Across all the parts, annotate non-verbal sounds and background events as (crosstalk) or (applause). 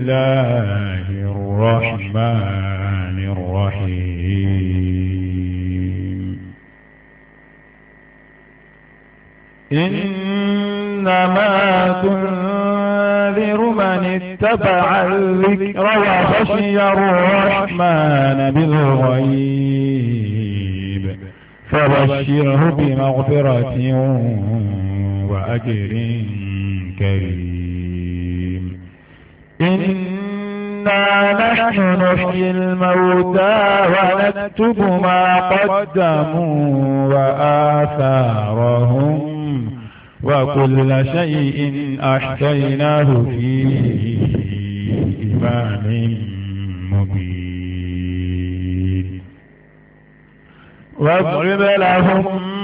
الله الرحمن الرحيم إنما تنذر من اتبع الذكر وخشي الرحمن بالغيب فبشره بمغفرة وأجر كريم إنا نحن نحيي الموتى ونكتب ما قدموا وآثارهم وكل شيء أحصيناه في إمام مبين واضرب لهم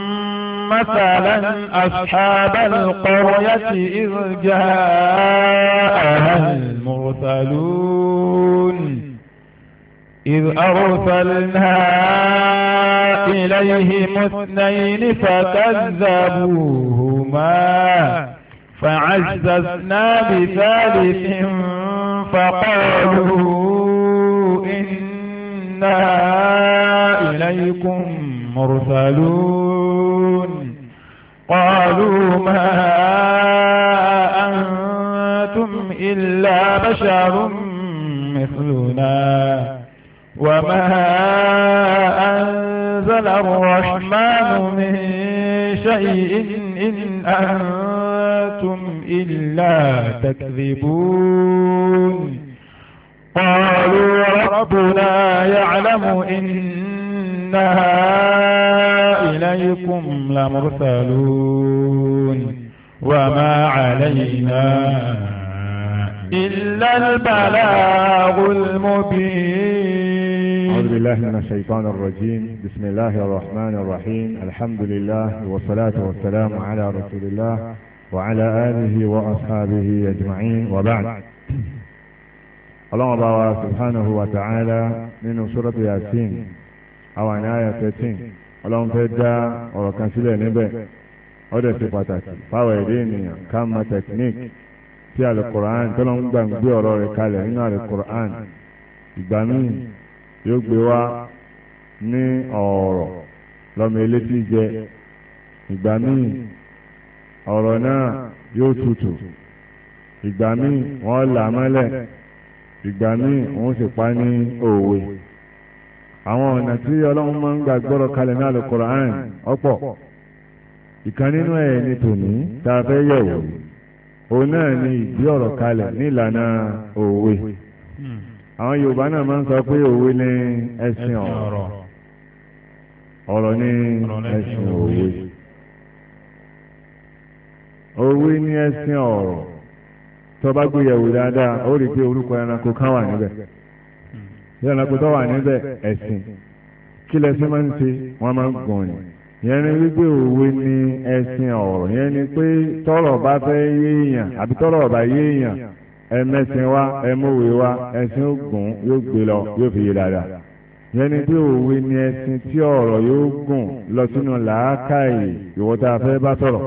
مثلا أصحاب القرية إذ جاءها المرسلون إذ أرسلنا إليهم اثنين فكذبوهما فعززنا بثالث فقالوا إنا إليكم مرسلون قالوا ما أنتم إلا بشر مثلنا وما أنزل الرحمن من شيء إن أنتم إلا تكذبون قالوا ربنا يعلم إن إنها إليكم لمرسلون وما علينا إلا البلاغ المبين أعوذ بالله من الشيطان الرجيم بسم الله الرحمن الرحيم الحمد لله والصلاة والسلام على رسول الله وعلى آله وأصحابه أجمعين وبعد الله سبحانه وتعالى من سورة ياسين àwọn àní àyà thirteen ọlọ́run fẹ́ dá ọ̀rọ̀ kan sílẹ̀ níbẹ̀ ó dẹ̀ ṣe pàtàkì fáwọn èdè ènìyàn ká mọ technique tí alukur'an tọ́lọ́ ń gbàgbé ọ̀rọ̀ rẹ̀ kalẹ̀ nínú alukur'an ìgbà míì yóò gbé wá ní ọ̀rọ̀ lọ́mọ elétí jẹ ìgbà míì ọ̀rọ̀ náà yóò tutù ìgbà míì wọ́n là mọ́lẹ̀ ìgbà míì wọ́n sì pa ní òwe. àwọn ọ̀nà tí ọlọ́run máa ń gbà gbọ́rọ̀ kalẹ̀ náà lọ Qur'an ọ̀pọ̀ ìkan nínú ẹ̀ ní tòní tá a fẹ́ yẹ̀wò òun náà ni ìdí ọ̀rọ̀ kalẹ̀ nílànà òwe àwọn Yorùbá ni ọ̀rọ̀ ọ̀rọ̀ ni òwe òwe ni ọ̀rọ̀ dáadáa ó rí i pé orúkọ ìlànà kò tó wà níbẹ̀ ẹ̀sìn kí lẹ́sìn máa ń ṣe wọ́n máa ń gùn ni yẹn ni wípé òwe ni ẹ̀sìn ọ̀rọ̀ yẹn ni pé tọ́rọ̀ bá fẹ́ yéèyàn àbí tọ́rọ̀ bá yéèyàn ẹ̀mẹ́sìn wa ẹ̀mọ́wé wa ẹ̀sìn ògùn yóò gbé lọ yóò fi yé dáadáa yẹn ni pé òwe ni ẹ̀sìn tí ọ̀rọ̀ yóò gùn lọ sínú làákàyè ìwọ tá a fẹ́ bá sọ̀rọ̀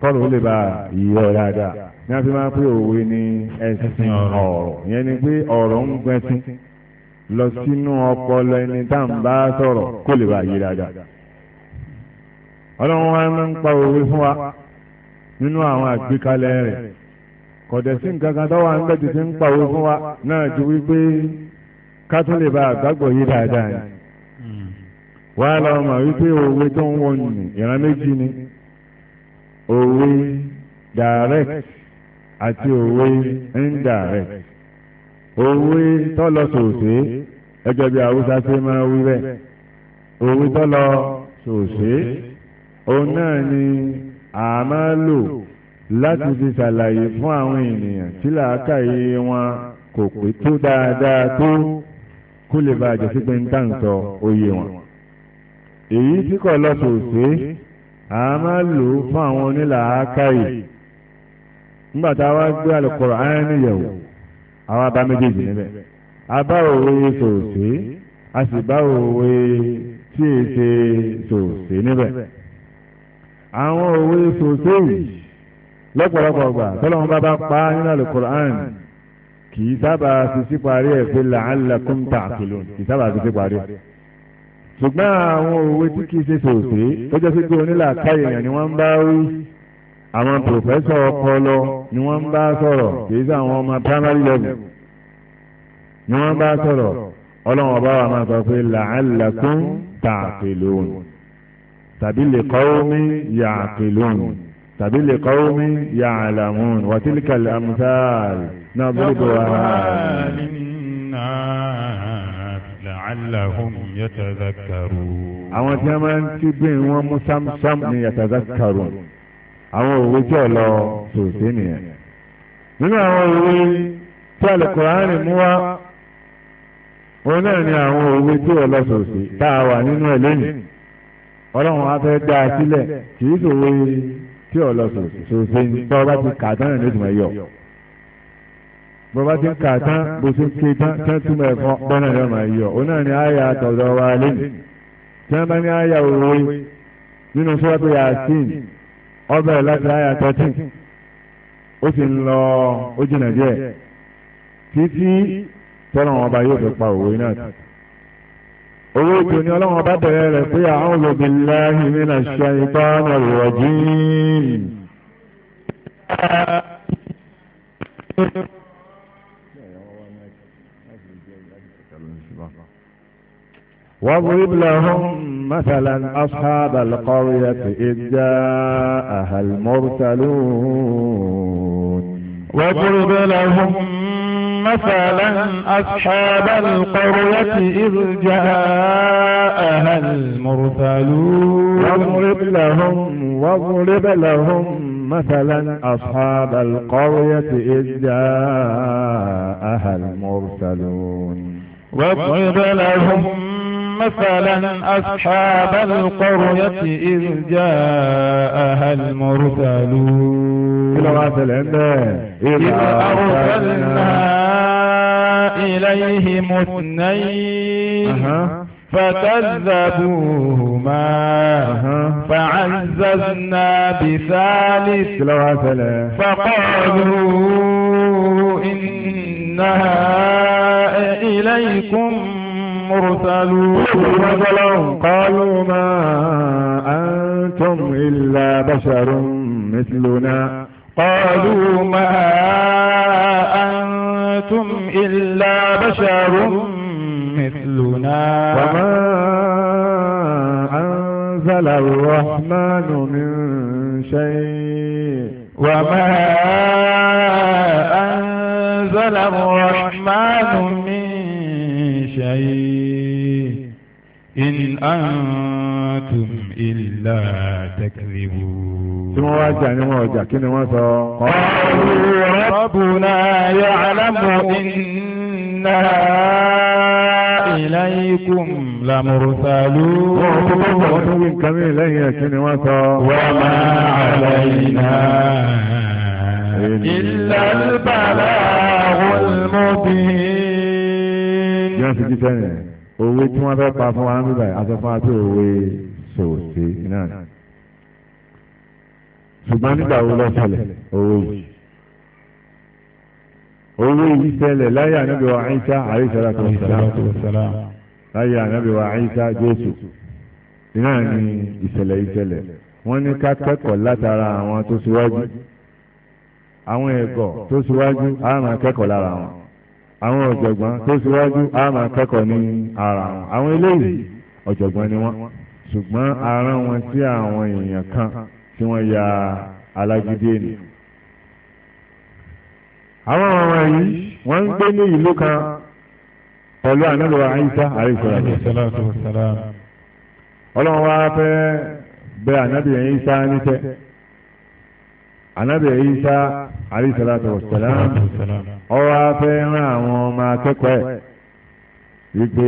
kọ́rọ̀ ó lè bá yíyọ dáadáa ní a fi máa pé òwe ni ẹ̀sìn ọ̀rọ̀ yẹn ni pé ọ̀rọ̀ ń gbẹ́sìn lọ sínú ọpọlọ ẹni tá à ń bá sọ̀rọ̀ kó lè bá yé dáadáa. ọlọ́run wa máa ń pa òwe fún wa nínú àwọn àgbékalẹ̀ rẹ̀ kọ̀dẹ̀sí nǹkan kan tó wà ń bẹ̀ tètè ń pa òwe fún wa náà ju wípé ká tún lè bá àgbàgbọ́ yé dáadáa ni. wà á lọ mọ̀ wípé òwe tó ń wọ̀n nì ìran méjì ni òwe direct àti òwe indirect òwe tọ́lọ sòsè ẹjọ́ bí haúsá ṣe máa wí bẹ́ẹ̀ òwe tọ́lọ sòsè òun náà ni a máa lò láti fi ṣàlàyé fún àwọn ènìyàn tí làákàyè wọn kò pé tó dáadáa tó kó lè bá àjọṣe pé ń tàǹtọ oyè wọn. èyí tí kò lọ sòsè a lò fún àwọn onílàákàyè nígbà tá a wá gbé Al-Qur'ani àwọn abá méjèèjì níbẹ̀ abá òwe sòòsè a sì bá òwe tí èsè sòòsè níbẹ̀ àwọn òwe sòòsè yìí lọ́pọ̀lọpọ̀ gbà tọ́lọ́mọ bá bá pa nínú alukur'an kì í sábà fi sí parí ẹ̀ pé la'allakum ta'qilun kì í sábà fi parí ṣùgbọ́n àwọn òwe tí kì í ṣe sòòsè tó jẹ́ sí pé onílà káyè ni wọ́n ń bá wí àwọn pòfẹ́sọ̀ ọpọlọ ni wọ́n ń bá sọ̀rọ̀ kì í sọ àwọn ọmọ primary level ni wọ́n ń bá sọ̀rọ̀ ọlọ́run ọba wa máa sọ pé la'allakum ta'qilun tàbí li qawmin ya'qilun tàbí li qawmin ya'lamun wa tilka al náà bẹ́ẹ̀ bọ̀ wá. àwọn tí wọ́n máa ń tí bí wọ́n mú sámsám ni yatadhakkarun àwọn òwe tí ò lọ tòótọ́ nìyẹn nínú àwọn òwe tí alukóraní mú wá òun náà ni àwọn òwe tí ò lọ sòsì tá a wà nínú ẹ lónìí ọlọ́run á fẹ́ dá a sílẹ̀ kì í sòwe tí ò lọ sòsì sòsì ní tọ́ bá ti kà tán ní ìtumọ̀ yọ bọ́bá ti kà tán bó ti ké tán tán túmọ̀ ẹ̀fọ́ bọ́nà yọ máa yọ òun náà ni àyà àtọ̀dọ̀ wa lónìí tí wọ́n bá ní àyà òwe nínú sọ́ọ́tù ó bẹ̀rẹ̀ láti àyà thirteen ó sì ń lọ ó jìnà díẹ̀ títí tọ́lọ́wọ́n ọba yóò fi pa òwe náà tì. owó ètò ni ọlọ́wọ́n ọba bẹ̀rẹ̀ rẹ̀ pé a'udhu billahi minash shaytanir rajim. واضرب لهم مثلا أصحاب القرية إذ جاءها المرسلون واضرب لهم مثلا أصحاب القرية إذ جاءها المرسلون واضرب لهم واضرب لهم مثلا أصحاب القرية إذ جاءها المرسلون واضرب لهم مثلا أصحاب القرية إذ جاءها المرسلون إذ أرسلنا إليهم اثنين فكذبوهما فعززنا بثالث فقالوا إنها إليكم مرسلون قالوا ما أنتم إلا بشر مثلنا قالوا ما أنتم إلا بشر مثلنا وما أنزل الرحمن من شيء وما أنزل الرحمن من شيء إن أنتم إلا تكذبون ثم وجع نموجع كنا وصا قالوا ربنا يعلم إنا إليكم لمرسلون وما علينا إلا البلاغ المبين bí wọ́n ti jíṣẹ́ nìyẹn òwe tí wọ́n fẹ́ pa fún wa ń bíbà aṣọ fún wa tí òwe ṣòṣe náà ṣùgbọ́n nígbà wo lọ ṣẹlẹ̀ òwe yìí òwe yìí ṣẹlẹ̀ láyé ànábì wa Ìsá alayhi salatu wassalam láyé ànábì wa Ìsá Jésù iná ni ìṣẹ̀lẹ̀ ìṣẹ̀lẹ̀ wọ́n ní ká kẹ́kọ̀ọ́ látara àwọn tó ṣíwájú àwọn ẹ̀kọ́ tó ṣíwájú àwọn akẹ́kọ̀ọ́ lára wọn. àwọn ọ̀jọ̀gbọ́n tó síwájú á máa kẹ́kọ̀ọ́ ní ara wọn àwọn eléyìí ọ̀jọ̀gbọ́n ni wọ́n ṣùgbọ́n ara wọn sí àwọn èèyàn kan tí wọ́n ya alágídí ènìyàn. àwọn ọmọ yìí wọ́n ń gbé ní ìlú kan pẹ̀lú ọlọ́run fẹ́ bẹ ànábì níṣẹ́ ànábì ọwọ́ afẹ́ rán àwọn ọmọ akẹ́kọ̀ọ́ ẹ̀ wípé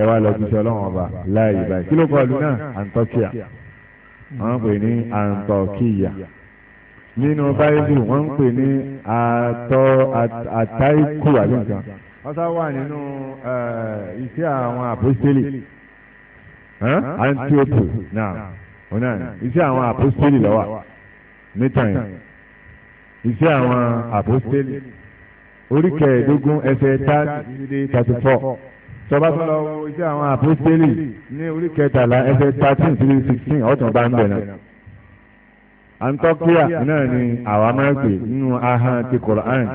ẹ wá lọ jíṣẹ́ ọlọ́run ọba láàyè báyìí kí ló kọ́ ọdún náà Antiochia wọ́n ń pè ní Antiochia nínú báyìí wọ́n ń pè ní àtọ́ àtàìkù àbí nǹkan wọ́n sá wà nínú iṣẹ́ eh, àwọn àpòstélì Antiope náà wọn náà iṣẹ́ àwọn àpòstélì lọ́wọ́ nítorí iṣẹ́ àwọn àpòstélì orí kẹẹ̀ẹ́dógún ẹsẹ̀ thirty thirty four tọba tó lọ wo iṣẹ́ àwọn àpòstélì ní orí kẹtàlá ẹsẹ̀ thirteen three sixteen ọ̀tún bá ń bẹ̀ náà. antọ́kíà náà ni àwa máa ń pè nínú ahọ́n ti Qur'an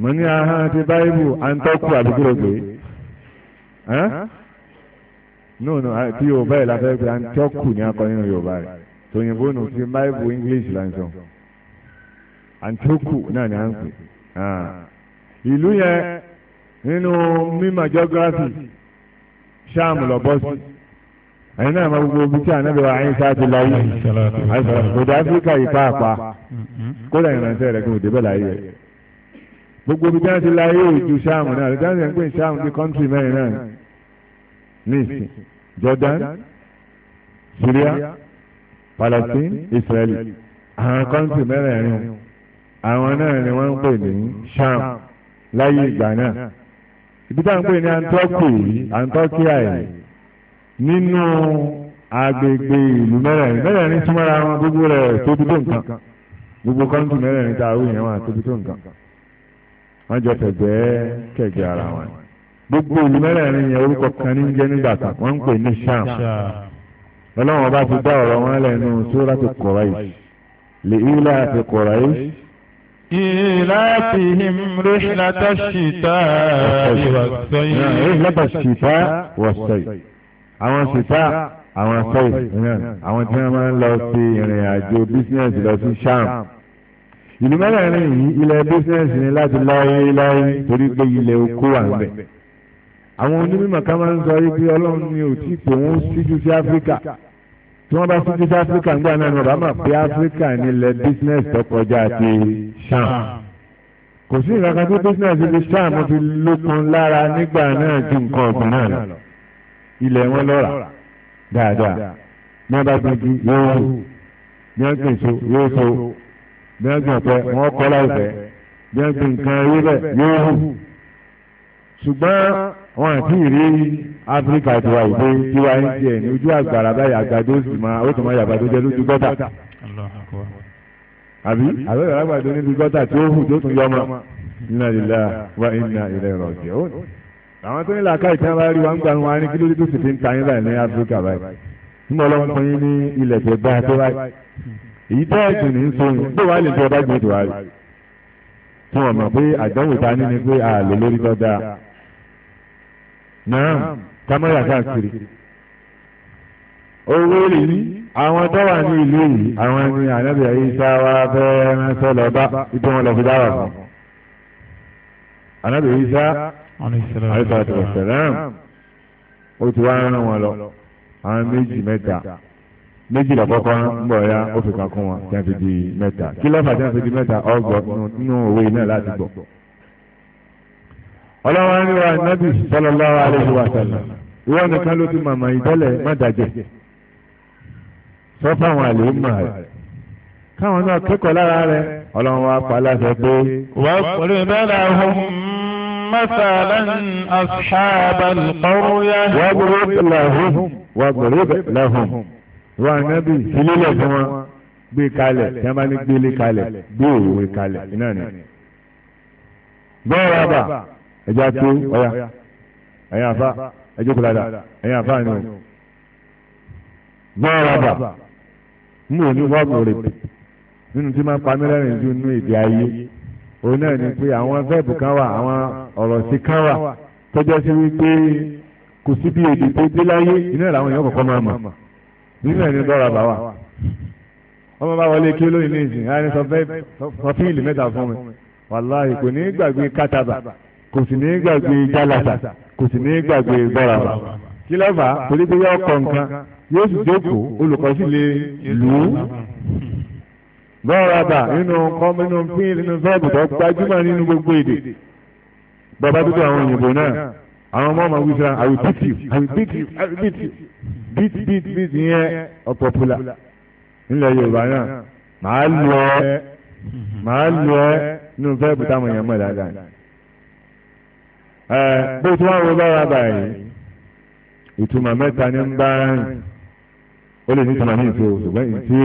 mo ní ahọ́n ti báíbù antọ́kíà àdúgbò pé no no tí yorùbá yìí la fẹ́ pé antọ́kù ni akọ nínú yorùbá rẹ̀ tòyìnbó nù ti báíbù english lansan antọ́kù náà ni à ń pè. Ah ìlú yẹn nínú mímọ̀ geography ṣáàmù lọ́bọ́ sí ẹ̀yin náà máa gbogbo ibi tí ànábì wa àyíṣà ti láyé àìsàn kò dé áfíríkà yìí pàápàá mm-hmm. kódà ìrántí rẹ̀ kò débẹ̀ láyé rẹ̀ gbogbo ibi tí wọ́n ti láyé òjò ṣáàmù náà lọ́dọ̀ àti ẹ̀ńpẹ́ ṣáàmù ní kọ́ńtì mẹ́rin náà ní Jordan Syria Palestine Israeli àwọn kọ́ńtì mẹ́rẹ̀ẹ̀rin àwọn náà ni wọ́n ń pè ní ṣáàmù láyé ìgbà náà ibi táwọn pè ní antọ́kì yìí antọ́kì àyè nínú agbègbè ìlú mẹ́rẹ̀ẹ̀rin mẹ́rẹ̀ẹ̀rin súnmọ́ra wọn gbogbo rẹ̀ tóbi tó nǹkan gbogbo kọ́ńtù mẹ́rẹ̀ẹ̀rin tá a wù yẹn wọn tóbi tó nǹkan wọ́n jọ tẹ̀gbẹ́ kẹ̀gbẹ́ ara wọn gbogbo ìlú mẹ́rẹ̀ẹ̀rin yẹn orúkọ kan ní jẹ́ nígbà kan wọ́n ń pè ní sham ọlọ́run ọba ti dá ọ̀rọ̀ wọn lẹ́nu sóràtì Quraish lè ilé àti Quraish. إيلافهم رحلة الشتاء والصيف رحلة الشتاء والصيف àwọn ṣìtá àwọn sọ́yì àwọn tí wọ́n máa ń lọ sí ìrìn àjò bísíǹsì lọ sí sham ìlú mẹ́rẹ̀ẹ̀rin yìí ilẹ̀ bísíǹsì ni láti láyé láyé torí pé ilẹ̀ oko wà ń bẹ̀ àwọn onímọ̀ kan máa ń sọ wípé ọlọ́run ni ò tí pé wọ́n síjú sí áfíríkà tí wọ́n bá sí títí áfíríkà nígbà náà ni wọ́n bá mọ̀ pé áfíríkà nílẹ̀ bísínẹ́sì tó kọjá ti ṣàn kò sí ìkankan tó bísínẹ́sì ti ṣàn mo fi lókun lára nígbà náà ju nǹkan ọ̀gbìn náà lọ ilẹ̀ wọn lọ́ra dáadáa ní wọ́n bá gbẹ́jú yóò wù ní wọ́n gbìn so yóò so ní wọ́n gbìn ọ̀pẹ wọ́n kọ́ láìpẹ́ ní wọ́n gbìn nǹkan ewébẹ̀ yóò wù ṣùgbọ́n wọn àti ìrírí áfíríkà ti wá ìgbé tiwa ń tiẹ̀ ní ojú àgbàrá báyìí àgbàdo sì máa ó tó máa yàgbà tó jẹ lójú gọ́tà àbí àbẹ́ yàrá àgbàdo níbi gọ́tà tí ó hù tó tún yọ ọmọ inna lillahi wa inna ilaihi raji'un. àwọn tó ní làákà ìtàn bá rí wa ń gbà wọn ní kílódé tó sì fi ń ta yín báyìí ní áfíríkà báyìí nígbà ọlọ́run fún yín ní ilẹ̀ tẹ̀ gbá tó báyìí èyí tẹ́ ẹ̀sìn ní sóyún gbé wàá lè tẹ́ ọba gbé tòwá rí náà kámẹ́rà káàkiri owó yìí àwọn tó wà ní ìlú yìí àwọn ẹni ànábìyà yìí sáwá fẹ́ẹ́ ránṣẹ́ lọ bá ibi wọn lọ fi dáwà fún ànábìyà yìí sá àìsàtò ọ̀sẹ̀lẹ́m ó ti wá rán wọn lọ àwọn méjì mẹ́ta méjì lọ́kọ́kọ́ ń bọ̀ ya ó fi kan kún wọn tí wọ́n fi di mẹ́ta kí lọ́fà tí wọ́n fi di mẹ́ta ọgbọ̀ nínú òwe náà láti gbọ̀ ọlọ́wọ́n ní wa nábì sallallahu alaihi wa sallam ìwọ nìkan ló ti màmá ìtẹ́lẹ̀ má dàjẹ́ sọ fáwọn àlè ń mà rẹ̀ káwọn náà kẹ́kọ̀ọ́ lára rẹ̀ ọlọ́run wa pa aláṣẹ pé. wà á pèlú ìbára ọ̀hún mẹ́sàlá aṣáàbà lọ́rùyá. wà á gbèrò làhùn wà á gbèrò làhùn wà á nábì ìlélẹ̀ fún wọn gbé kalẹ̀ tí gbélé kalẹ̀ gbé òwe kalẹ̀ iná ni. bẹ́ẹ̀ rà bà ẹja tó ọya ẹ̀yin àfa ẹ jókòó dáadáa ẹ̀yin àfáàní o zọ́ọ̀rọ̀bà ń wò ní wọ́ọ̀bù rè nínú tí máa ń pa mílíọ̀nù ju nínú èdè ayé òun náà ni pé àwọn fẹ́ẹ̀bù kan wà àwọn ọ̀rọ̀ sí kan wà tọ́jọ́ sí wípé kò sí bí èdè tó dé láyé iná làwọn èèyàn kọ̀ọ̀kan máa mọ̀ nínú ẹni zọ́ọ̀rọ̀bà wà ọmọ bá wọlé kí olóyìn ní ìsìn á ní sọ fíìlì mẹ́ta fún mi wàláhì kò ní gbàgbé kátàbà kò sì ní gbàgbé jálàtà kò sì ní gbàgbé bọ́ra wa kí ló fà á torí pé yóò kọ nǹkan yóò sì jókòó olùkọ́ sì lè lù ú. bọ́ọ̀rọ̀ àbà nínú kọ́m nínú pín nínú sọ́ọ̀bù tó gbajúmọ̀ nínú gbogbo èdè bàbá dúdú àwọn òyìnbó náà àwọn ọmọ ọmọ wíṣọ I will beat you I will beat you yẹn ọ̀pọ̀pùlà nílẹ̀ Yorùbá náà màá lù ẹ́ màá lù ẹ́ nínú fẹ́ẹ̀bù táwọn èèyàn mọ̀ dáadáa bó tí wọ́n wo bára báyìí ìtumọ̀ mẹ́ta ní ń bá rìn ó lè ní ìtumọ̀ ní ìṣó ṣùgbọ́n ìṣe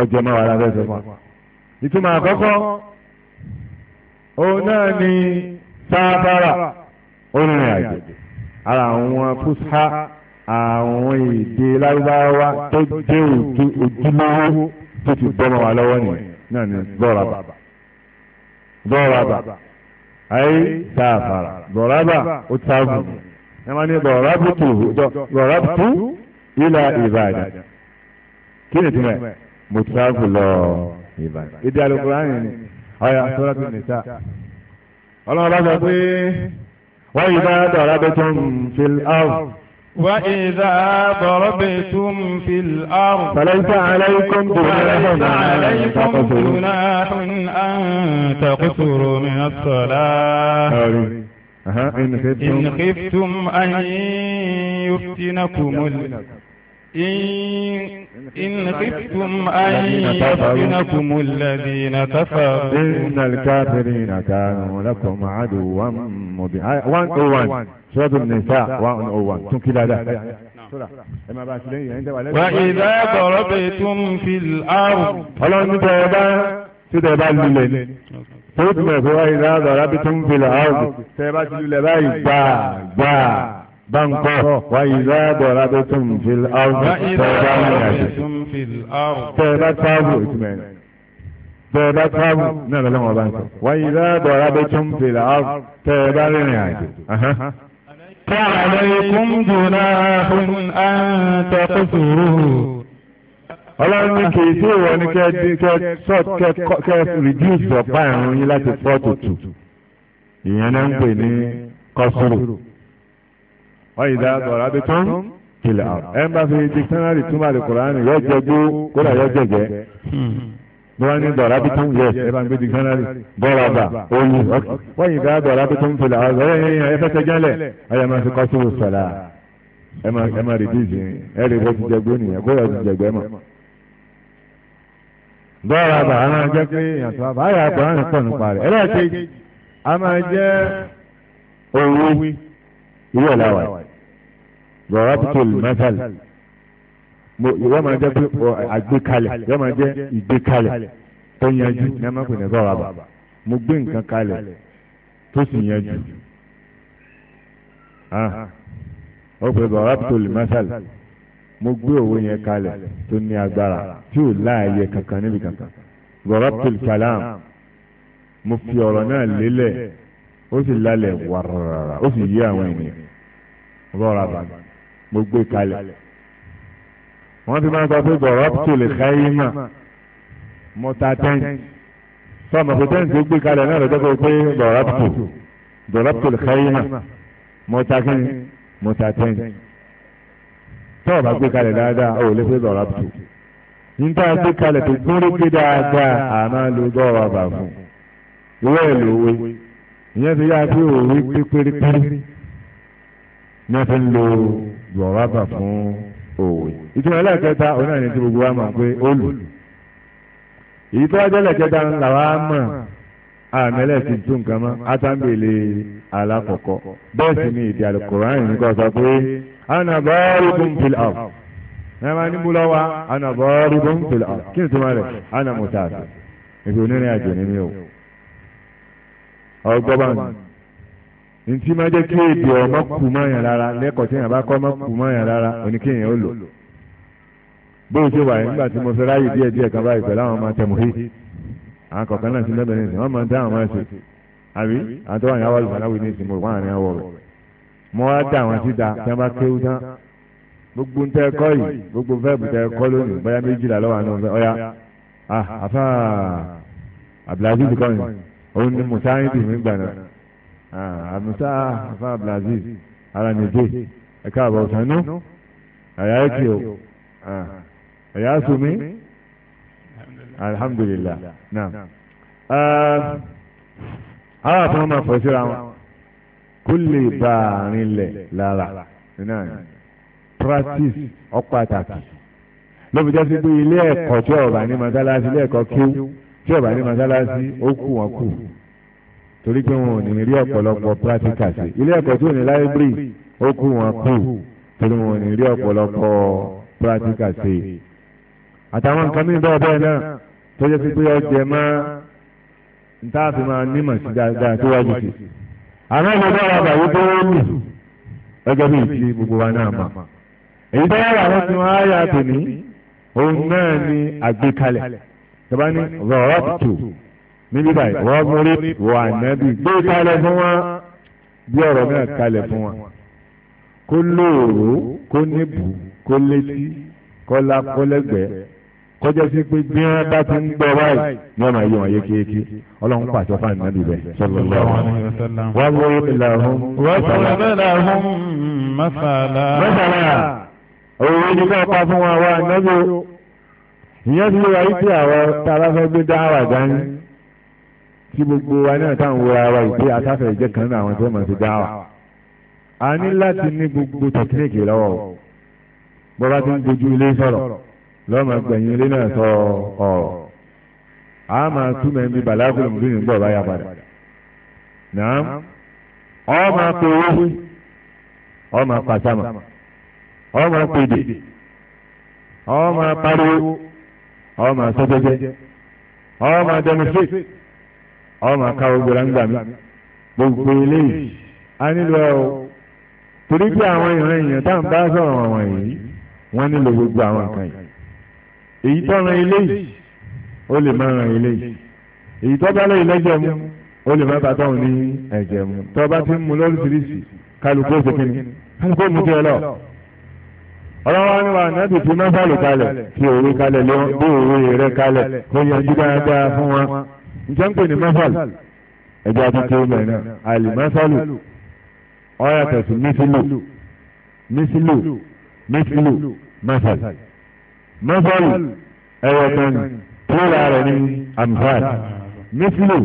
ọjọ́ máa wà lábẹ́ sọ fún wa. ìtumọ̀ àkọ́kọ́ òun náà ni sábàrà orin àjò ara àwọn fúsà àwọn èdè lárúbáwá tó jẹ́ ojúlówó tó ti bọ́ mọ́ wa lọ́wọ́ nìyẹn náà ni zọ́ọ̀rọ̀ bàbà. ayi sáfàrà dọ̀rábà ó tábù ẹ máa ní dọ̀rábùtù dọ̀rábùtù ìlà ìbàdàn kí ni tìmẹ̀ sọ pé yìí bá وإذا ضربتم في الأرض فليس عليكم جناح أن تقصروا من الصلاة إن خفتم أن يفتنكم إن خفتم أن يفتنكم الذين كفروا إن الكافرين كانوا لكم عدوا مبينا 101 سورة النساء 101 تنكل هذا وإذا ضربتم في الأرض ọlọ́run ní tẹ́ẹ̀ bá tí tẹ́ẹ̀ bá lulẹ̀ ni tó tún bẹ̀ fún wa ìdá ضربتم في الأرض tẹ́ẹ̀ bá ti báńkọ́ wà ìlà àbọ̀lá tó tún fi ọ̀rùn tẹ̀lá ìrìnàjò tẹ̀lá tábù ìtumẹ̀ tẹ̀lá tábù náà lọ́lọ́mọ báńkọ́ wà ìlà àbọ̀lá tó tún fi ọ̀rùn tẹ̀lá ìrìnàjò. فعليكم جناح أن تقصروا ọlọ́run ní kì í sí ìwọ ni kẹ́ kẹ́ reduce ọ̀pá ẹ̀rùn yín láti four to two ìyẹn náà ń pè ní kọ́sùrù wọ́n yìí dá tọ̀rọ̀ abẹ́ tán kìlẹ̀ àwọn. ẹ ń bá fi dictionary túmọ̀ àlè kùránì yóò jẹ gbó kódà yóò jẹ gẹ́. bí wọ́n ní dọ̀rọ̀ abẹ́ tán yẹ ẹ bá ń gbé dictionary bọ́ọ̀rọ̀ àbà oyin wọ́n yìí dá tọ̀rọ̀ tán kìlẹ̀ àwọn ọ̀rẹ́ yẹn ẹ fẹ́ tẹ́jẹ́lẹ̀ ẹ máa fi kọ́sùrù sọ̀lá ẹ máa rí bíìsì ẹ rí bó ti jẹ gbó nìyẹn kódà ti jẹ gbẹ́ mọ́ bọ́ọ̀rọ̀ àbà a máa jẹ́ pé rọ̀rọ̀bùtò mẹ́tàlì yọ máa jẹ́ àgbékalẹ̀ yọ máa jẹ́ ìgbékalẹ̀ tó yanjú ní ẹ̀ma pèlè bá wa bà mo gbé nǹkan kalẹ̀ tó sì yanjú ah. Ah. ó pè rọ̀rọ̀bùtò mẹ́tàlì mo gbé òwe yẹn kalẹ̀ tó ní agbára tí ò láàyè kankan níbi kankan rọ̀rọ̀bùtò kàlám mo fi ọ̀rọ̀ náà lélẹ̀ ó sì lálẹ̀ wàràrà ó sì yé àwọn ènìyàn rọra bàbà mo gbé kalẹ̀ wọ́n ti máa ń sọ pé gọ̀rọ́pùtù lè ká yín mà mo ta tẹ́ǹtì sọmọ pé tẹ́ǹtì tó gbé kalẹ̀ náà lọ́jọ́ pé gọ̀rọ́pùtù gọ̀rọ́pùtù lè ká yín mà mo ta kí ni mo ta tẹ́ǹtì tọ́ ọ̀ bá gbé kalẹ̀ dáadáa ó lè pé gọ̀rọ́pùtù nígbà gbé kalẹ̀ tó gúnrégé dáadáa àmọ́ ló gbọ́ ọ̀rọ̀ bà fún ìwé ẹ̀ lówé ìyẹn ti yá pé òwe pé pérépéré ní wọ́n fi ń lo dùrọ́bà fún òwe. ìtumọ̀ ẹlẹ́kẹta òun náà ní ti gbogbo wa mọ̀ pé ó lù. èyí tó wájú ẹlẹ́kẹta ń là wá mọ̀ àmì ẹlẹ́sìn tún nǹkan mọ́ átàmbèlè alákọ̀ọ́kọ́ bẹ́ẹ̀ sì ni ìdí àlùkòrán yìí kọ́ sọ pé anabọ́ọ̀rùkún fìlà ọ̀ ẹ máa ní múlọ wa anabọ́ọ̀rùkún fìlà ọ̀ kí ni túmọ̀ rẹ̀ anamọ̀tà ètò onírìn àjò ní mi ò ọgbọ́n bá mi ntí máa jẹ́ kí èdè ọmọ kù mọ́ yàn rárá lẹ́kọ̀ọ́ tí yàn bá kọ́ ọmọ kù mọ́ yàn rárá oníkéèyàn ó lò bóyá ṣe wà yẹn nígbà tí mo fẹ́ ráyè díẹ̀ díẹ̀ kan báyìí pẹ̀lú àwọn ọmọ tẹ̀mùhí àwọn kọ̀ọ̀kan náà ti lẹ́bẹ̀ẹ́ nìyẹn wọ́n máa ń dá àwọn ẹ̀sìn àbí àwọn tó wà ní àwọn olùfàlàwì ní ìsìn mo wà ní àwọ̀ mo wá dá àwọn síta tí wọ́n bá kéwú tán gbogbo ń tẹ́ ẹ kọ́ yìí gbogbo fẹ́ẹ̀bù tẹ́ ẹ kọ́ lónìí bóyá méjìlá lọ́wọ́ àná ọ̀fẹ́ ọ̀yá ah, àfáà Abdulaziz kọ́ni òun ni mùsáyìn tì mí gbà náà àbùsá ah, afa abdulaziz ara nìjẹ ẹ káàbọ̀ ọ̀sánú ẹ̀yà ẹ̀kì o ẹ̀yà ah, sumi alhamdulilah naam ah, ara tí wọ́n máa fọ̀ síra wọn kó lè bá a rinlẹ̀ lára náà practice ó pàtàkì lóbi jẹ́ sí pé ilé ẹ̀kọ́ tí ọ̀bà ní masalasi ilé ẹ̀kọ́ kíw tí ọ̀bà ní masalasi ó kù wọn kù torí pé wọn ò ní rí ọ̀pọ̀lọpọ̀ practical sí ilé ẹ̀kọ́ tí ò ní library ó kú wọn kú torí wọn ò ní rí ọ̀pọ̀lọpọ̀ practical sí. àtàwọn nǹkan mìíràn bẹ́ẹ̀ bẹ́ẹ̀ náà tó yẹ sí pé ọjẹ́ máa ń tá a fi máa nímọ̀ sí dáadáa tó wájú sí. àmọ́ ìlú bá wà bàbá tó ń lù gẹ́gẹ́ bí ìdí gbogbo wa náà mọ̀. èyí tó yàrá wọn ti wọn á yà tòní òun náà ni àgbékalẹ̀ tó bá ní rọ̀rọ̀ níbí báyìí wọ́n múrí wọ ànábì gbé kalẹ̀ fún wọn bí ọ̀rọ̀ náà kalẹ̀ fún wọn kó lóòrò kó níbù kó létí kó la kó lẹ́gbẹ̀ẹ́ kọjá sí pé bí wọn bá ti ń gbọ́ báyìí yóò máa yé wọn yékéyéké Ọlọ́run pàṣẹ fún ànábì bẹ́ẹ̀ sallallahu alaihi wasallam. wọn bọ ìlà ọhún. wọn ìlà ọhún masala. masala òwe ni náà pa fún wa wa ànábì ìyẹn ti wáyé tí àwọn tá fẹ́ gbé dáhàwá dání tí gbogbo wa náà táwọn wo ara yìí pé asáfẹ́ ìjẹ́ kan náà àwọn tó mọ̀ sí dáwà a ní láti ní gbogbo tẹkíníkì lọ́wọ́ bọ́lá ti ń dojú ilé sọ̀rọ̀ lọ́mọ gbẹ̀yìn ilé náà sọ ọ̀rọ̀ a máa túmọ̀ ẹni bàlágùn ìlú nígbọ̀ báyà padà náà ọ máa pe owó ọ máa pàṣàmà ọ máa pe èdè ọ máa pariwo ọ máa sọ ọ máa demonstrate ọmọ akáwọ gbọdọ ń gbà mí gbogbo eléyìí a nílò ẹ o torí pé àwọn ìran èèyàn tá à ń bá sọ̀rọ̀ àwọn yìí wọ́n nílò gbogbo àwọn nǹkan yìí èyí tó ran eléyìí ó lè má ran eléyìí èyí tó bá lẹ́yìn lẹ́jẹ̀ mu ó lè má bàtà òun ní ẹ̀jẹ̀ mu tó bá ti ń mu lóríṣiríṣi kálukú ó ṣe kíni kálukú ó mú tiẹ̀ lọ ọlọ́wọ́ ni wà nábì tí má bàlù kalẹ̀ kí òwe kalẹ̀ lé òwe rẹ̀ kalẹ̀ kó yanjú dáadáa fún wọn njẹ́ ń pè ní mẹ́fàl ẹ̀jẹ̀ àtúntò mẹ́rin náà àlè mẹ́fàlù ọ̀yàtọ̀ sí mísìlù mísìlù mísìlù mẹ́fàl mẹ́fàlù ẹ̀yọ̀ kan tóra rẹ̀ ní amfàl mísìlù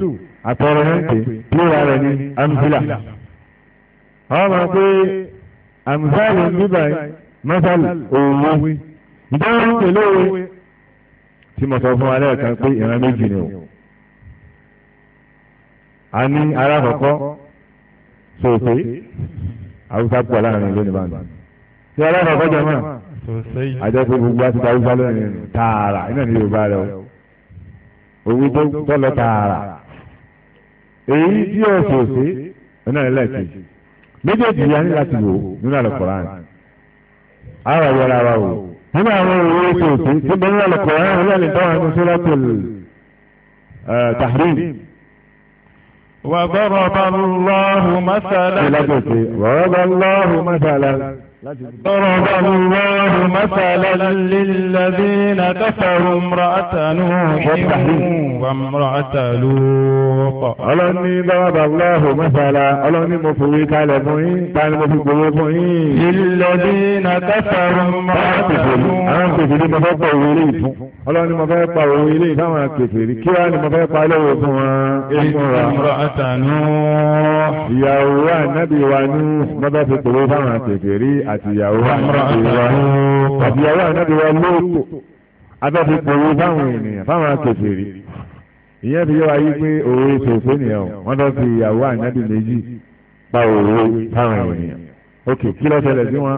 àtọ̀rọ̀ náà pé tóra rẹ̀ ní amfìlà àwọn máa pé amfàl ń bíbá mẹ́fàl òun ìjọba ń òwe tí mo sọ fún wa lẹ́ẹ̀kan pé ìran méjì ni o a ní alákọ̀ọ́kọ́ sòsè haúsá pọ̀ láàrin lónìí bá mi ṣé alákọ̀ọ́kọ́ jẹ mọ́ àjẹpẹ́ gbogbo àti haúsá lónìí tààrà iná ní yorùbá rẹ o òwe tó tọ́lọ tààrà èyí tí ó sòsè iná ní lẹ́ẹ̀kejì méjèèjì yẹn ní láti wò nínú àlùkòrán àwọn àyọ̀rọ̀ àwa wò nínú àwọn òwe sòsè tí bẹ́ẹ̀ ní àlùkòrán ìrọ̀lẹ́ ní tọ́wọ́ ní sọ́lá tó eh, tahrim. وضرب الله مثلا وضرب الله مثلا ضرب الله مثلا للذين كفروا امرأة نوح وامرأة لوط ألوني ضرب الله مثلا ألوني مفويك على فوين كان مفويك على فوين للذين كفروا امرأة نوح أنا كفري ما فوق ويلي ألوني ما فوق ويلي كما كفري كي أنا ما على امرأة نوح يا نبي ونوح ما فوق ويلي àti ìyàwó àti ìyàwó ànábi wa lóòtò abẹ́fi pòwe fáwọn ènìyàn fáwọn akẹ́fẹ̀ẹ́rì ìyẹn fi yọ ayé pé òwe tòfé nìyẹn wọ́n lọ fi ìyàwó ànábi méjì pa òwe fáwọn ènìyàn ok kí ló ṣẹlẹ̀ sí wọn.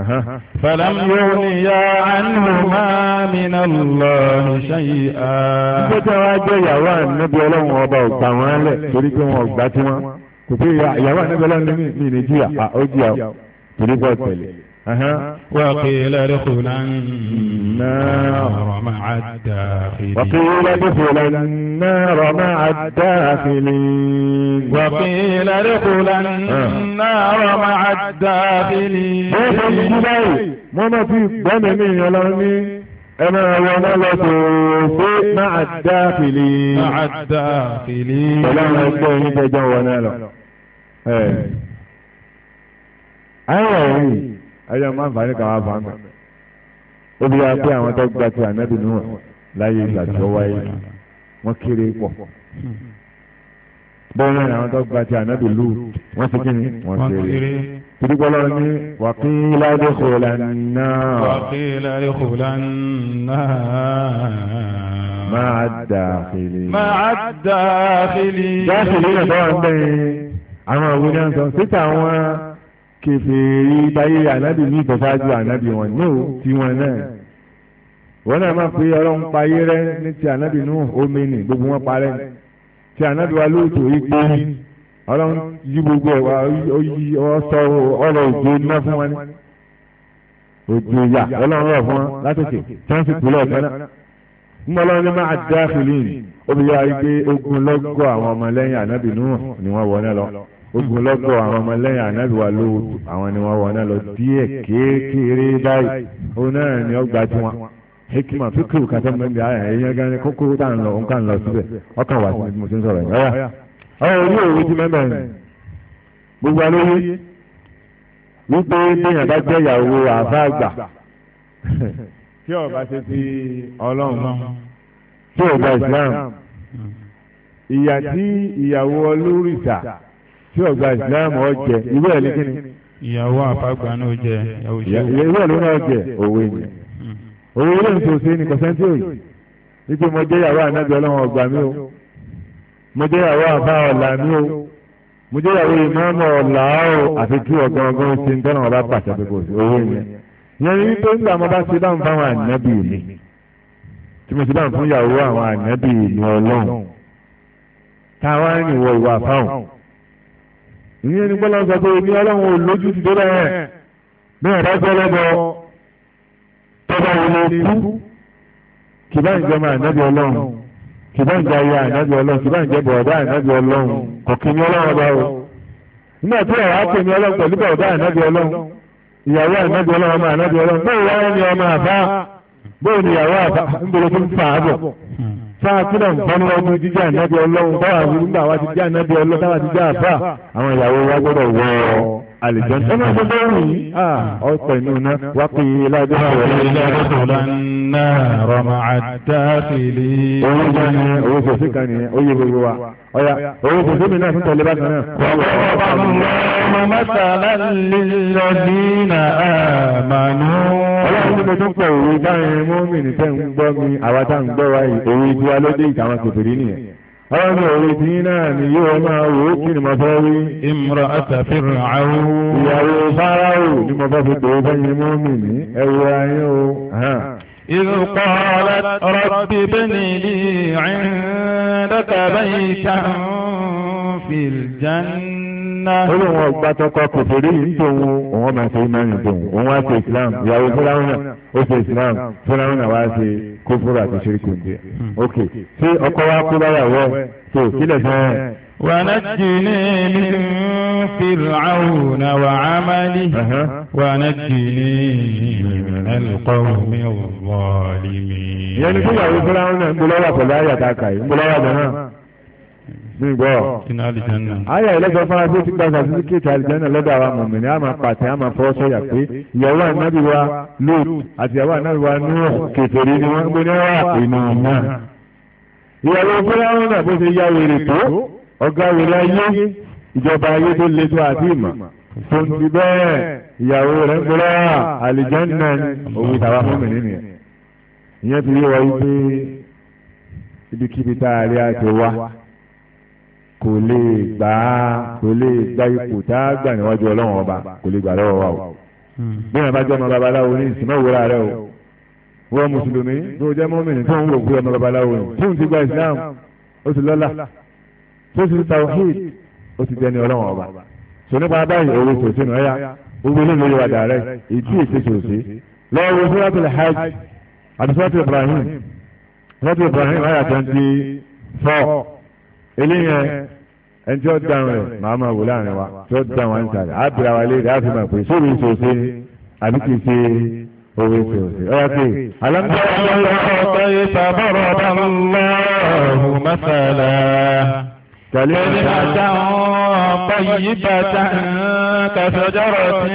Uh-huh. فلم يغنيا عنهما من الله شيئا. Ṣé tí wọ́n á jẹ́ ìyàwó ànábi ọlọ́run ọba ọ̀gbà wọn lẹ̀ torí pé wọn ọ̀gbà tí wọ́n? Kò وقيل ادخلا النار مع الداخلين وقيل ادخلا النار مع الداخلين وقيل ادخلا النار مع الداخلين mo máa fi gbọ́dọ̀ ní ìyẹn lọ ní ẹ máa wọ ọmọ lọ sòòfó máa dá fìlì. máa dá fìlì. pẹ̀lú àwọn ẹgbẹ́ yín tẹjọ́ wọ náà lọ. ayọ̀ yìí ẹyẹ ọmọ àǹfààní kan wà fún mi ó bí wá pé àwọn tó gba ti ànábì níwọ̀n láyé ìgbà tí ó wáyé wọ́n kéré pọ̀ bẹ́ẹ̀ náà àwọn tó gba ti ànábì lù wọ́n ti kí ni wọ́n kéré tìdúgbọ́lọ́ ní wàkílá dẹ́kọ̀ọ́lá náà wàkílá dẹ́kọ̀ọ́lá náà. مع الداخلين مع الداخلين داخلين طبعا بين عمرو بن سيتا kèfèrí báyé ànábì ní ìtọ́sájú ànábì wọn ní ò tí wọn náà wọn náà máa pe ọlọ́run payé rẹ ní ti ànábì nù omi nì gbogbo wọn parẹ́ ni ti ànábì wa lóòótọ́ igbó ni ọlọ́run yí gbogbo ẹ̀wà ọ̀sọ ọ̀rọ̀ òjò iná fún wọn ni òjò ìyá ọlọ́run rọ̀ fún wọn látòkè chance kú lọ́ọ̀kan náà nígbà ọlọ́run ní máa dá fìlín obìnrin wa yí pé ogunlọ́gọ̀ àwọn ọmọ lẹ́yìn ànábì nù ni wọ́n wọ náà lọ ogunlọ́gọ̀ àwọn ọmọlẹ́yìn ànábì wa ló àwọn ni wọ́n wọ̀ náà lọ díẹ̀ kékeré báyìí òun náà ni ọgbà tiwọn hikima fikiru kata mẹbi ayà èèyàn gan ni kókó tá à ń lọ nǹkan à ń lọ síbẹ̀ ọkàn wà sí mo ti ń sọ̀rọ̀ yẹn ọ̀yà ọ̀yà orí òwe ti mẹ́bẹ̀ yẹn gbogbo alóyè wípé téèyàn bá jẹ́ ìyàwó àfa àgbà tí ó ṣe ti ọlọ́run tí ó Islam ìyà tí ìyàwó olórìṣà tí ọgbà islam ọjẹ ìwé ẹ̀ ní kíni. ìyàwó àfàgbà náà jẹ ìyàwó ìṣèwé. ìwé ẹ̀ ló náà jẹ òwe ni mm-hmm. òwe ilé ìtòsí ni kọ̀sẹ́ntì òyì wípé mo jẹ́ ìyàwó ànágbé ọlọ́run ọgbà mi o mo jẹ́ ìyàwó àbá ọ̀la mi o mo jẹ́ ìyàwó ìmọ̀ọ́mọ̀ ọ̀la o àfi kí ọ̀gán ọ̀gán ṣe ń tọ́nà ọba pàṣẹ pé kò sí owó yẹn yẹn ni wípé nígbà mo bá ṣe bá ń fáwọn ànábì mi tí mo ṣe bá ń fún ìyàwó àwọn ànábì mi ọlọ́run táwa ń ìwọ ìwà fáwọn ìyẹn ní gbọ́dọ̀ sọ pé ọlọ́run ò lójú ti tó bẹ́ẹ̀ tọ́ba wo kú kì bá ń jẹ́ máa nábì ọlọ́run kì bá ń jẹ́ ayé ànábì ọlọ́run kì bá ń jẹ́ bọ̀ọ̀dá ànábì ọlọ́run ni ọlọ́run ọba o nígbà tí ọ̀rọ̀ á pè ní ọlọ́run pẹ̀lú bọ̀ọ̀dá ànábì ọlọ́run ìyàwó ànábì ọlọ́run ọmọ ànábì ọlọ́run bóyá ni ọmọ àbá bóyá ìyàwó àbá ń bolo sáàtìlẹ̀ nǹkan níwájú jíjẹ́ ànábì ọlọ́run báwa nígbà wá ti jẹ́ ànábì ọlọ́run táwa ti jẹ́ àbá àwọn ìyàwó wa gbọ́dọ̀ wọ àlìjọ́n tó máa gbogbo ohun yìí ah, ọ̀pọ̀ inú iná wá pé iláàjọ́ rẹ̀ ilé ọ̀dọ́dọ́ náà rọmọ àdáfìlì. owó gbà ní owó gbèsè kan ní oyè gbogbo wa ọ̀yà owó gbèsè mi náà tún tẹ̀lé bákan náà. ọlọ́run mọ́tàlá lílọ́dí náà àmàlú. ọlọ́run tí mo tún pẹ̀ òwe báyẹn mọ́mìnì tẹ́ ń gbọ́ mi àwa tá à ń gbọ́ wa yìí òwe ìgbéwálódé ìtàwọn kòtòrí nìyẹn àwọn ọmọ òwe tí náà ni yóò máa wò ó kí ni mo fẹ́ wí. imra atafirun awo. ìyàwó fáráwò ni mo bá fi pè é fẹ́ yín mú mi ní ẹ̀wù ayé o. إذ قالت رب ابن لي عندك بيتا في الجنة olóhùn ọgbà tọkọ kò fèrè yìí tó ń wọn wọn máa ṣe imáyìn tó ń wọn wá ṣe islam ìyàwó fúláwọnà ó ṣe islam fúláwọnà wá ṣe kófúrò àti ṣeríkùndé hmm. ok ṣé ọkọ wa kú báyàwó ẹ tó kílẹ̀ fún ẹ. ونجني من فرعون وعمله ونجني من القوم الظالمين يعني كل يوم فرعون بلاوة فلا يتاكاي بلاوة جنا gbọ́ ayé ẹlẹ́gbẹ́ faransé ti gba sàtífíkẹ́tì alìjẹ́nà lọ́dọ̀ àwọn mọ̀mìnì àmà pàtẹ àmà fọwọ́sọ̀yà pé ìyàwó ànábì wa Lut àti ìyàwó ànábì wa Nuh kèfèrí ni wọ́n gbé ní wàá pinnu náà ìyàwó fúláwọn náà bó ṣe yá wèrè tó ọ̀gá rẹ̀ láyé ìjọba ayé tó le tó àti ìmọ̀ tó ń ti bẹ́ẹ̀ ìyàwó rẹ̀ ń gbọ́dọ̀ àlìjánná òun ìtàwá fún mi nínú yẹn. ìyẹn ti rí wọ ibi ibikíbi tá a rí a ti wá kò lè gbà á kò lè gba ipò tá a gbà níwájú ọlọ́run ọba kò lè gbà lọ́wọ́ wa o. bí wọn bá jẹ́ ọmọ babaláwo ní ìsìn náà wúra rẹ o wọ́n mùsùlùmí tó jẹ́ mọ́mìnì tó ń wò pé ọmọ babaláwo ni tí òun ti gba ìsìláàmù ó ti lọ́lá tó ti tawhid ó ti dẹni ọlọ́wọ́n ọba sọ nípa báyìí owó sòsí nù ẹ̀yà gbogbo ilé ìlú wa dàrẹ́ ìdí èsì sòsí lọ́wọ́ suratul hajj àti suratul ibrahim suratul ibrahim ayà twenty four eléyẹn ẹni tí ó dáhùn rẹ̀ màá máa wò láàrin wa tí ó dáhùn wa ń sàrẹ̀ á bìrà wa léèrè á fi máa pè sóòrè sòsí àbí kì í ṣe owó sòsí. ọ̀yà pé alámúdáwọ̀ ọ̀tọ̀ ìfàbọ̀rọ̀ bá ń lọ́ọ̀rù mẹ́fẹ̀ẹ́lẹ́. كلمة طيبة كشجرة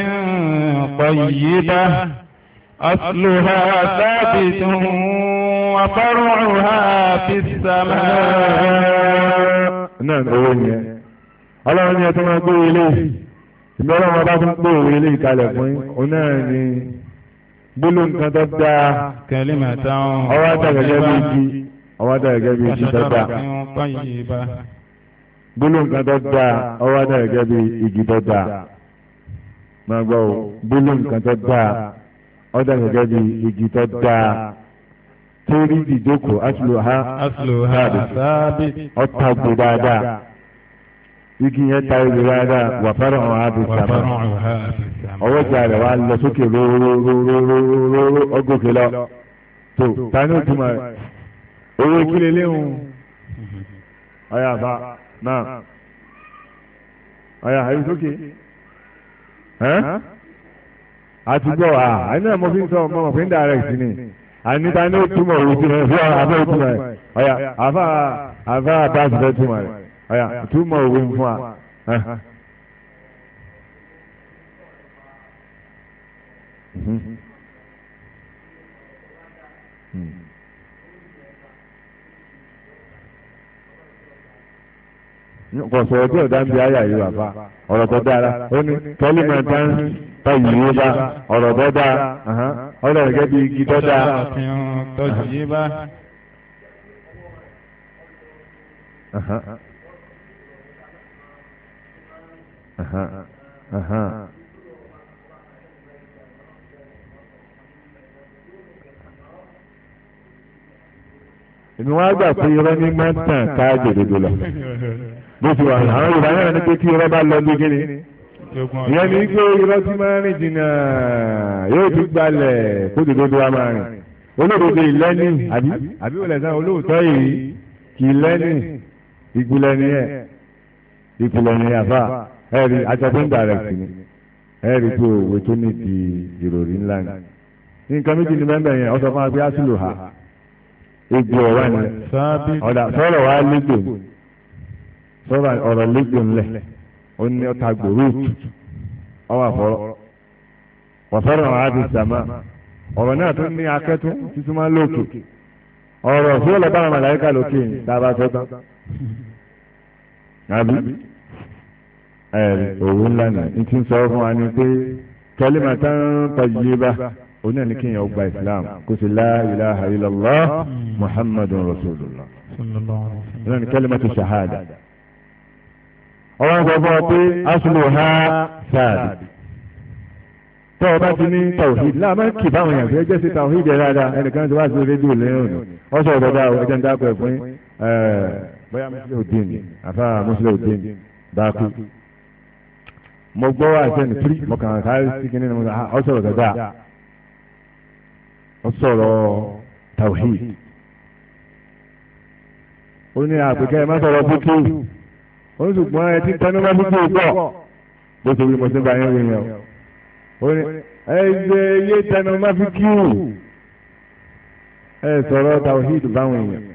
طيبة أصلها ثابت وفرعها في السماء نعم أولي الله أن يتمنى إليه ìgbọ́ràn wọn bá fún pé òwe ilé ìkàlẹ̀ fún un náà ni gbólóhùn kan tó dáa ọwọ́ àtàgẹ́gẹ́ bíi gbólóhùn kan tó dáa ọwọ́ náà gẹ́gẹ́ bí igi máa gbọ́ o gbólóhùn kan tó dáa ọ̀dà gẹ́gẹ́ bí igi tó torí ìdíjókò asluha asluha sábì ọ̀tá gbò dáadáa igi yẹn ta ìlú dáadáa wà fẹ́ràn ọ̀hún àbí sàmà ọwọ́ ìjà rẹ̀ lọ sókè róróróróróróró ọgòkè lọ tó tani ó rẹ̀ owó ọ̀yà bá. náà ọ̀yà àyè sókè ẹ́ àti gbọ́ à àní àmọ́ fi ń sọ ọmọ ọ̀fìn direct ni àní ta ni ó túmọ̀ òtún rẹ̀ fún àbẹ́ òtún rẹ̀ ọ̀yà àfa àfa àbáṣe fẹ́ túmọ̀ rẹ̀ ọ̀yà túmọ̀ òwe fún wa. Mm-hmm. kò sọ̀rọ̀ tí ọ̀dà ń bi àyà yìí bàbá ọ̀rọ̀ tó dára ó ní kẹ́límà tán tọ́yì yìí bá ọ̀rọ̀ tó dára ọ̀rọ̀ gẹ́gẹ́ bí igi tó dára. Èmi wá gbà pé irọ́ ní máa ká jòdòdò lọ bó ti wà àwọn yorùbá náà ní pé tí irọ́ bá lọ bí kíni ìyẹn ní pé irọ́ tí máa rìn jìnnà yóò ti gbalẹ̀ kó ti dodo wa máa rìn olódodo ìlẹ́ni àbí àbí wọlé sáà olóòótọ́ yìí kì í lẹ́ni ìpìlẹ̀ nìyẹn ìpìlẹ̀ nìyẹn àfà ẹ̀rí atọ́fún direct ni ẹ̀rí tó òwe tó ní ti ìròrí ńlá ni nǹkan méjì ni mẹ́mẹ́ yẹn ọ̀sán fún wa pé á sì lò ha egbò ọ̀wá ni ọ̀dà sọ̀rọ̀ wa lẹ́gbẹ̀ẹ́ sọ́ra ọ̀rọ̀ lẹ́gbẹ̀ẹ́ ńlẹ̀ ó ní ọ̀tá gbòòrò ọwọ́ àfọ̀rọ̀ wọ̀fẹ́ràn àti sàmà ọ̀rọ̀ náà tún ní akẹ́tù títún máa lókè ọ̀rọ̀ sí ọ̀lọ́ bá àwọn àlàyékà lókè dábàá tó tán àbí òwú ńlá nà ní ti ń sọ fún wa ni pé kẹlímà tán tàjíbà oní ẹni kí n yà ọgbà islam kò sí la ilaha illallah muhammadun rasulullah oní ẹni kẹlímà tó ṣahada ọlọ́run sọ fún ọ pé asùnù ha sáàdì tọ́ ọ bá ti ní tàwíìdì láàmú kì báwọn èèyàn fẹ́ jẹ́ sí tàwíìdì ẹ̀ dáadáa ẹnìkan ti wá sí rédíò lẹ́yìn òní wọ́n sọ ọ̀dọ́dá ẹ̀jẹ̀ ń dákọ̀ ẹ̀ fún bóyá mùsùlùmí òdìní àfa mùsùlùmí òdìní dákú mo gbọ́ wá tírí mo kàn sáré sí kí nínú ọ sọ̀rọ̀ dáadáa ọ tàwíìdì ó ní àpèkẹ́ ó ṣùgbọ́n ẹ ti tẹnu bá dúpọ̀ pọ̀ bó ṣe wí mo ṣe bá yẹn wí yẹn o ó ní ẹ ṣe yé tẹnu bá fi kí o ẹ sọ̀rọ̀ tawhid báwọn èèyàn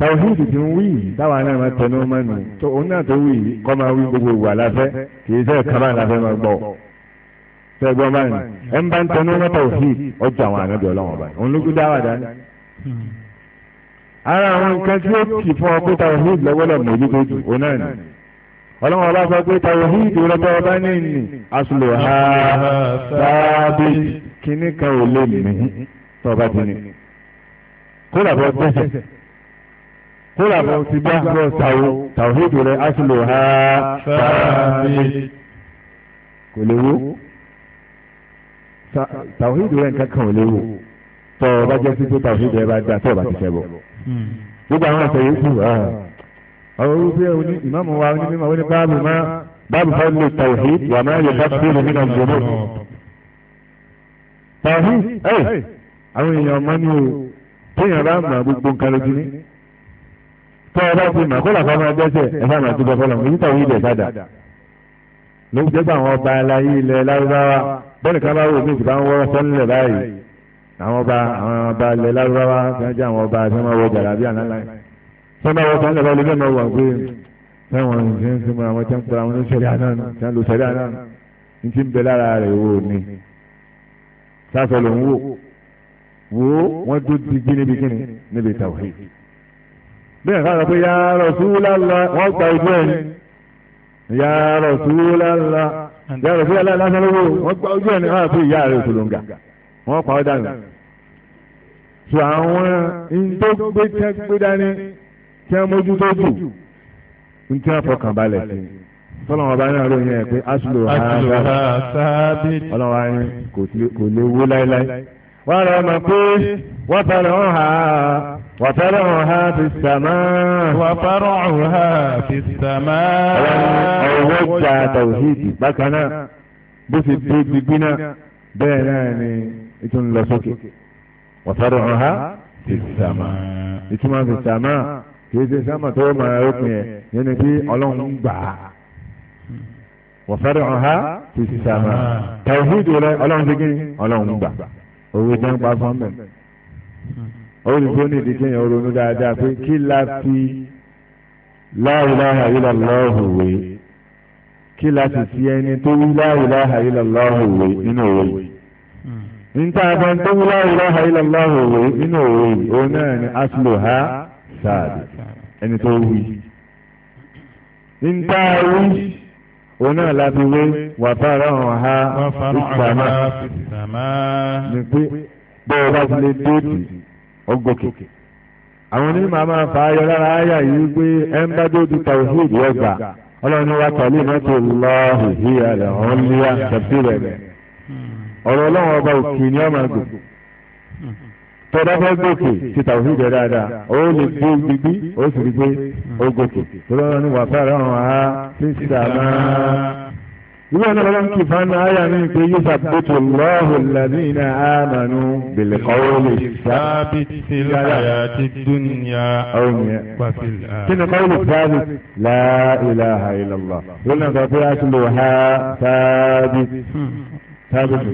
tawhid ti ń wí táwa náà máa tẹnu máa nù tó òun náà tó wí kọ́ máa wí gbogbo ìwà láfẹ́ kì í sẹ́ kaba láfẹ́ máa gbọ́ sẹ́gbọ́n báyìí ẹ̀ ń bá ń tẹnu mọ́ tawhid ọjà àwọn ànábì ọlọ́wọ́n báyìí òun ló ara àwọn nǹkan tí ó kì fún ọ pé tawhid lọ́wọ́lọ́ mójútó jù ó náà ni ọlọ́run ọba sọ pé tawhid rọ́bà ọba ní ìní asùlù ha sáábì kínní kan ò lè mí tọ́ba ti ní kódà bọ́ tẹ́sẹ̀ kódà bọ́ ti bá bọ́ sàwọ́ tawhid rẹ asùlù ha sáábì kò lè wó tawhid rẹ nǹkan kan ò lè wó tọ́ ọba jẹ́ sí pé tawhid rẹ bá dá tọ́ ọba ti fẹ́ bọ́ gbogbo àwọn ọ̀sẹ̀ yìí kù ah, ọ̀rọ̀ wípé ìmáàmù wa onímọ̀ oní báàbù máa báàbù máa ń lo tawhid wà máa yẹ dákúrò nínú ìjọba tawhid ẹ àwọn èèyàn ọmọ ni o téèyàn bá mọ gbogbo nǹkan lójú ní tọ́ ọ bá ti mọ̀ kó làkọ́ máa dẹ́sẹ̀ ẹ bá máa ti bọ́ fọlọ́ èyí tawhid ẹ̀ sáadà ló jẹ́ pé àwọn ọba aláyé ilẹ̀ lárúbáwá àwọn ọba àwọn ọba ilẹ̀ lárúbáwá tí wọ́n jẹ́ àwọn ọba tí wọ́n wọ jàrá bí àlálà yìí tí wọ́n bá wọ sọ́ńdà báwo lè bẹ́ẹ̀ máa wà pé táwọn ìṣe ń sinmi àwọn tí wọ́n pera wọn ní àná tí wọ́n lo sẹ́rí àná ní ti ń bẹ lára rẹ̀ wò ni sáfẹ́ ló ń wò wò wọ́n tó ti gbé níbi kíni níbi tàwé bẹ́ẹ̀ ká lọ pé yà á rọ̀ súwúlá lọ wọ́n gba ojú ẹ̀ ni yà á rọ̀ súwúlá lọ yà á rọ̀ súwúlá lọ lásán lówó wọ́n gba ojú ẹ̀ ni wọ́n á fi ìyá rẹ̀ òṣèlú wọ́n pa ọ́ dànù tó àwọn tó gbé tẹ́ gbé dání tí wọ́n mójútó jù ń tí wọ́n fọkàn balẹ̀ sí fọlọ́n ọba náà ló yẹn pé aṣọ àgbà ọlọ́wà ni kò lè wó láéláé. wọ́n rẹ̀ mọ̀ pé wọ́n fẹ́rẹ̀ hàn ha wọ́n fẹ́rẹ̀ hàn ha fi sàmà. wọ́n fẹ́rẹ̀ hàn ha fi sàmà. ọwọ́ gba tàwíìdì bákan náà bó ti dé gbígbín náà bẹ́ẹ̀ náà ni ètò ń lọ sókè wọ́tọ́rọ̀ hàn ha ti sàmà ìtumọ̀ ti sàmà kìí ṣe sàmà tó máa rókun yẹn yẹn ni kí ọlọ́run gbà á wọ́tọ́rọ̀ hàn ha ti sàmà tàwíìdì rẹ ọlọ́run ti gírí ọlọ́run gbà owó jẹ́ ń pa fún bẹ́ẹ̀. olùkó ní ìdíje yẹn ronú dáadáa pé kí la fi la ilaha illallah wé kí la sì fi ẹni tó wí la ilaha illallah wé nínú òwe yìí. níta abẹ́ni tó wúlá ìlàhà illallah òwe nínú òwe òun náà ni aslo ha sáàdì ẹni tó wí. níta wí òun náà la fi hàn ha ìsàmà ni pé o bá ti lè ọgọ́kè. àwọn onímọ̀ a máa fà á yọ lára àyà ọ̀rọ̀ ọlọ́run ọba òkè ni ọmọ àgbò tọ́dá fẹ́ gòkè ti tàwùsí jẹ dáadáa ó lè gbé gbígbí ó sì rí pé ó gòkè tó lọ́wọ́ ní wàá fẹ́ràn ọ̀hún á sí sàmá. ìwé ọ̀nà ọlọ́run kì í fa náà ayà mi pé yóò sàbótò lọ́hùn lẹ́dínà àmàlú bìlẹ̀ kọ́wé lè sábì sí láyà tí dúnìyà kí ni kọ́wé lè sábì láìlà àìlọ́lá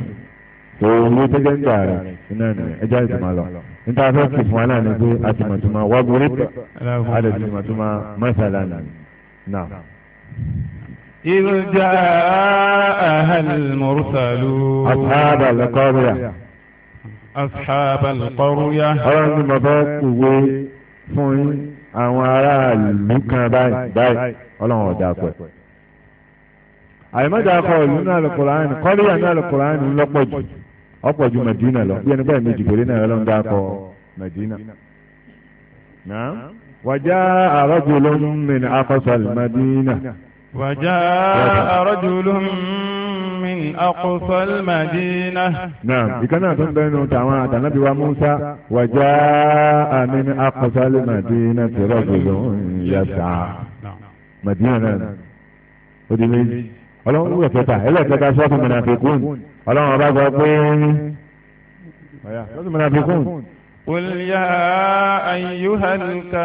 òun ló jẹ́jẹ́ ń gbà rẹ̀ iná ni ẹja ìtumọ̀ lọ. níta fẹ́ kí fún wa náà ni pé àtìmọ̀tìmọ̀ wá borí pa àdètìmọ̀tìmọ̀ mọ́sálà náà. إذ جاءها المرسلون أصحاب القرية أصحاب القرية أرى ما بقوا فين àwọn aráàlú kan báyìí báyìí ọlọ́run ọ̀dà pẹ̀. àyèmọ́dà akọ ìlú náà lọ́kùnrin kọ́líyà náà lọ́kùnrin lọ́pọ̀ jù ọ̀pọ̀ ju Madina lọ bí ẹni báyìí méjì péré náà ló ń dákọ Madina. wàjà rajulun min aqsal Madina. wàjà rajulun min aqsal Madina. náà ìkànnì àtúntò inú tàwọn àtànábí wa Musa wàjà min aqsal Madina rajulun yas'a Madina náà ó di méjì ọlọ́run wúlò kẹta ẹlẹ́kẹta sọ́ọ̀tù mọ̀nàfikún ọlọ́run ọba gbọ́ pé sọ́ọ̀tù mọ̀nàfikún. qul ya ayyuhal ka.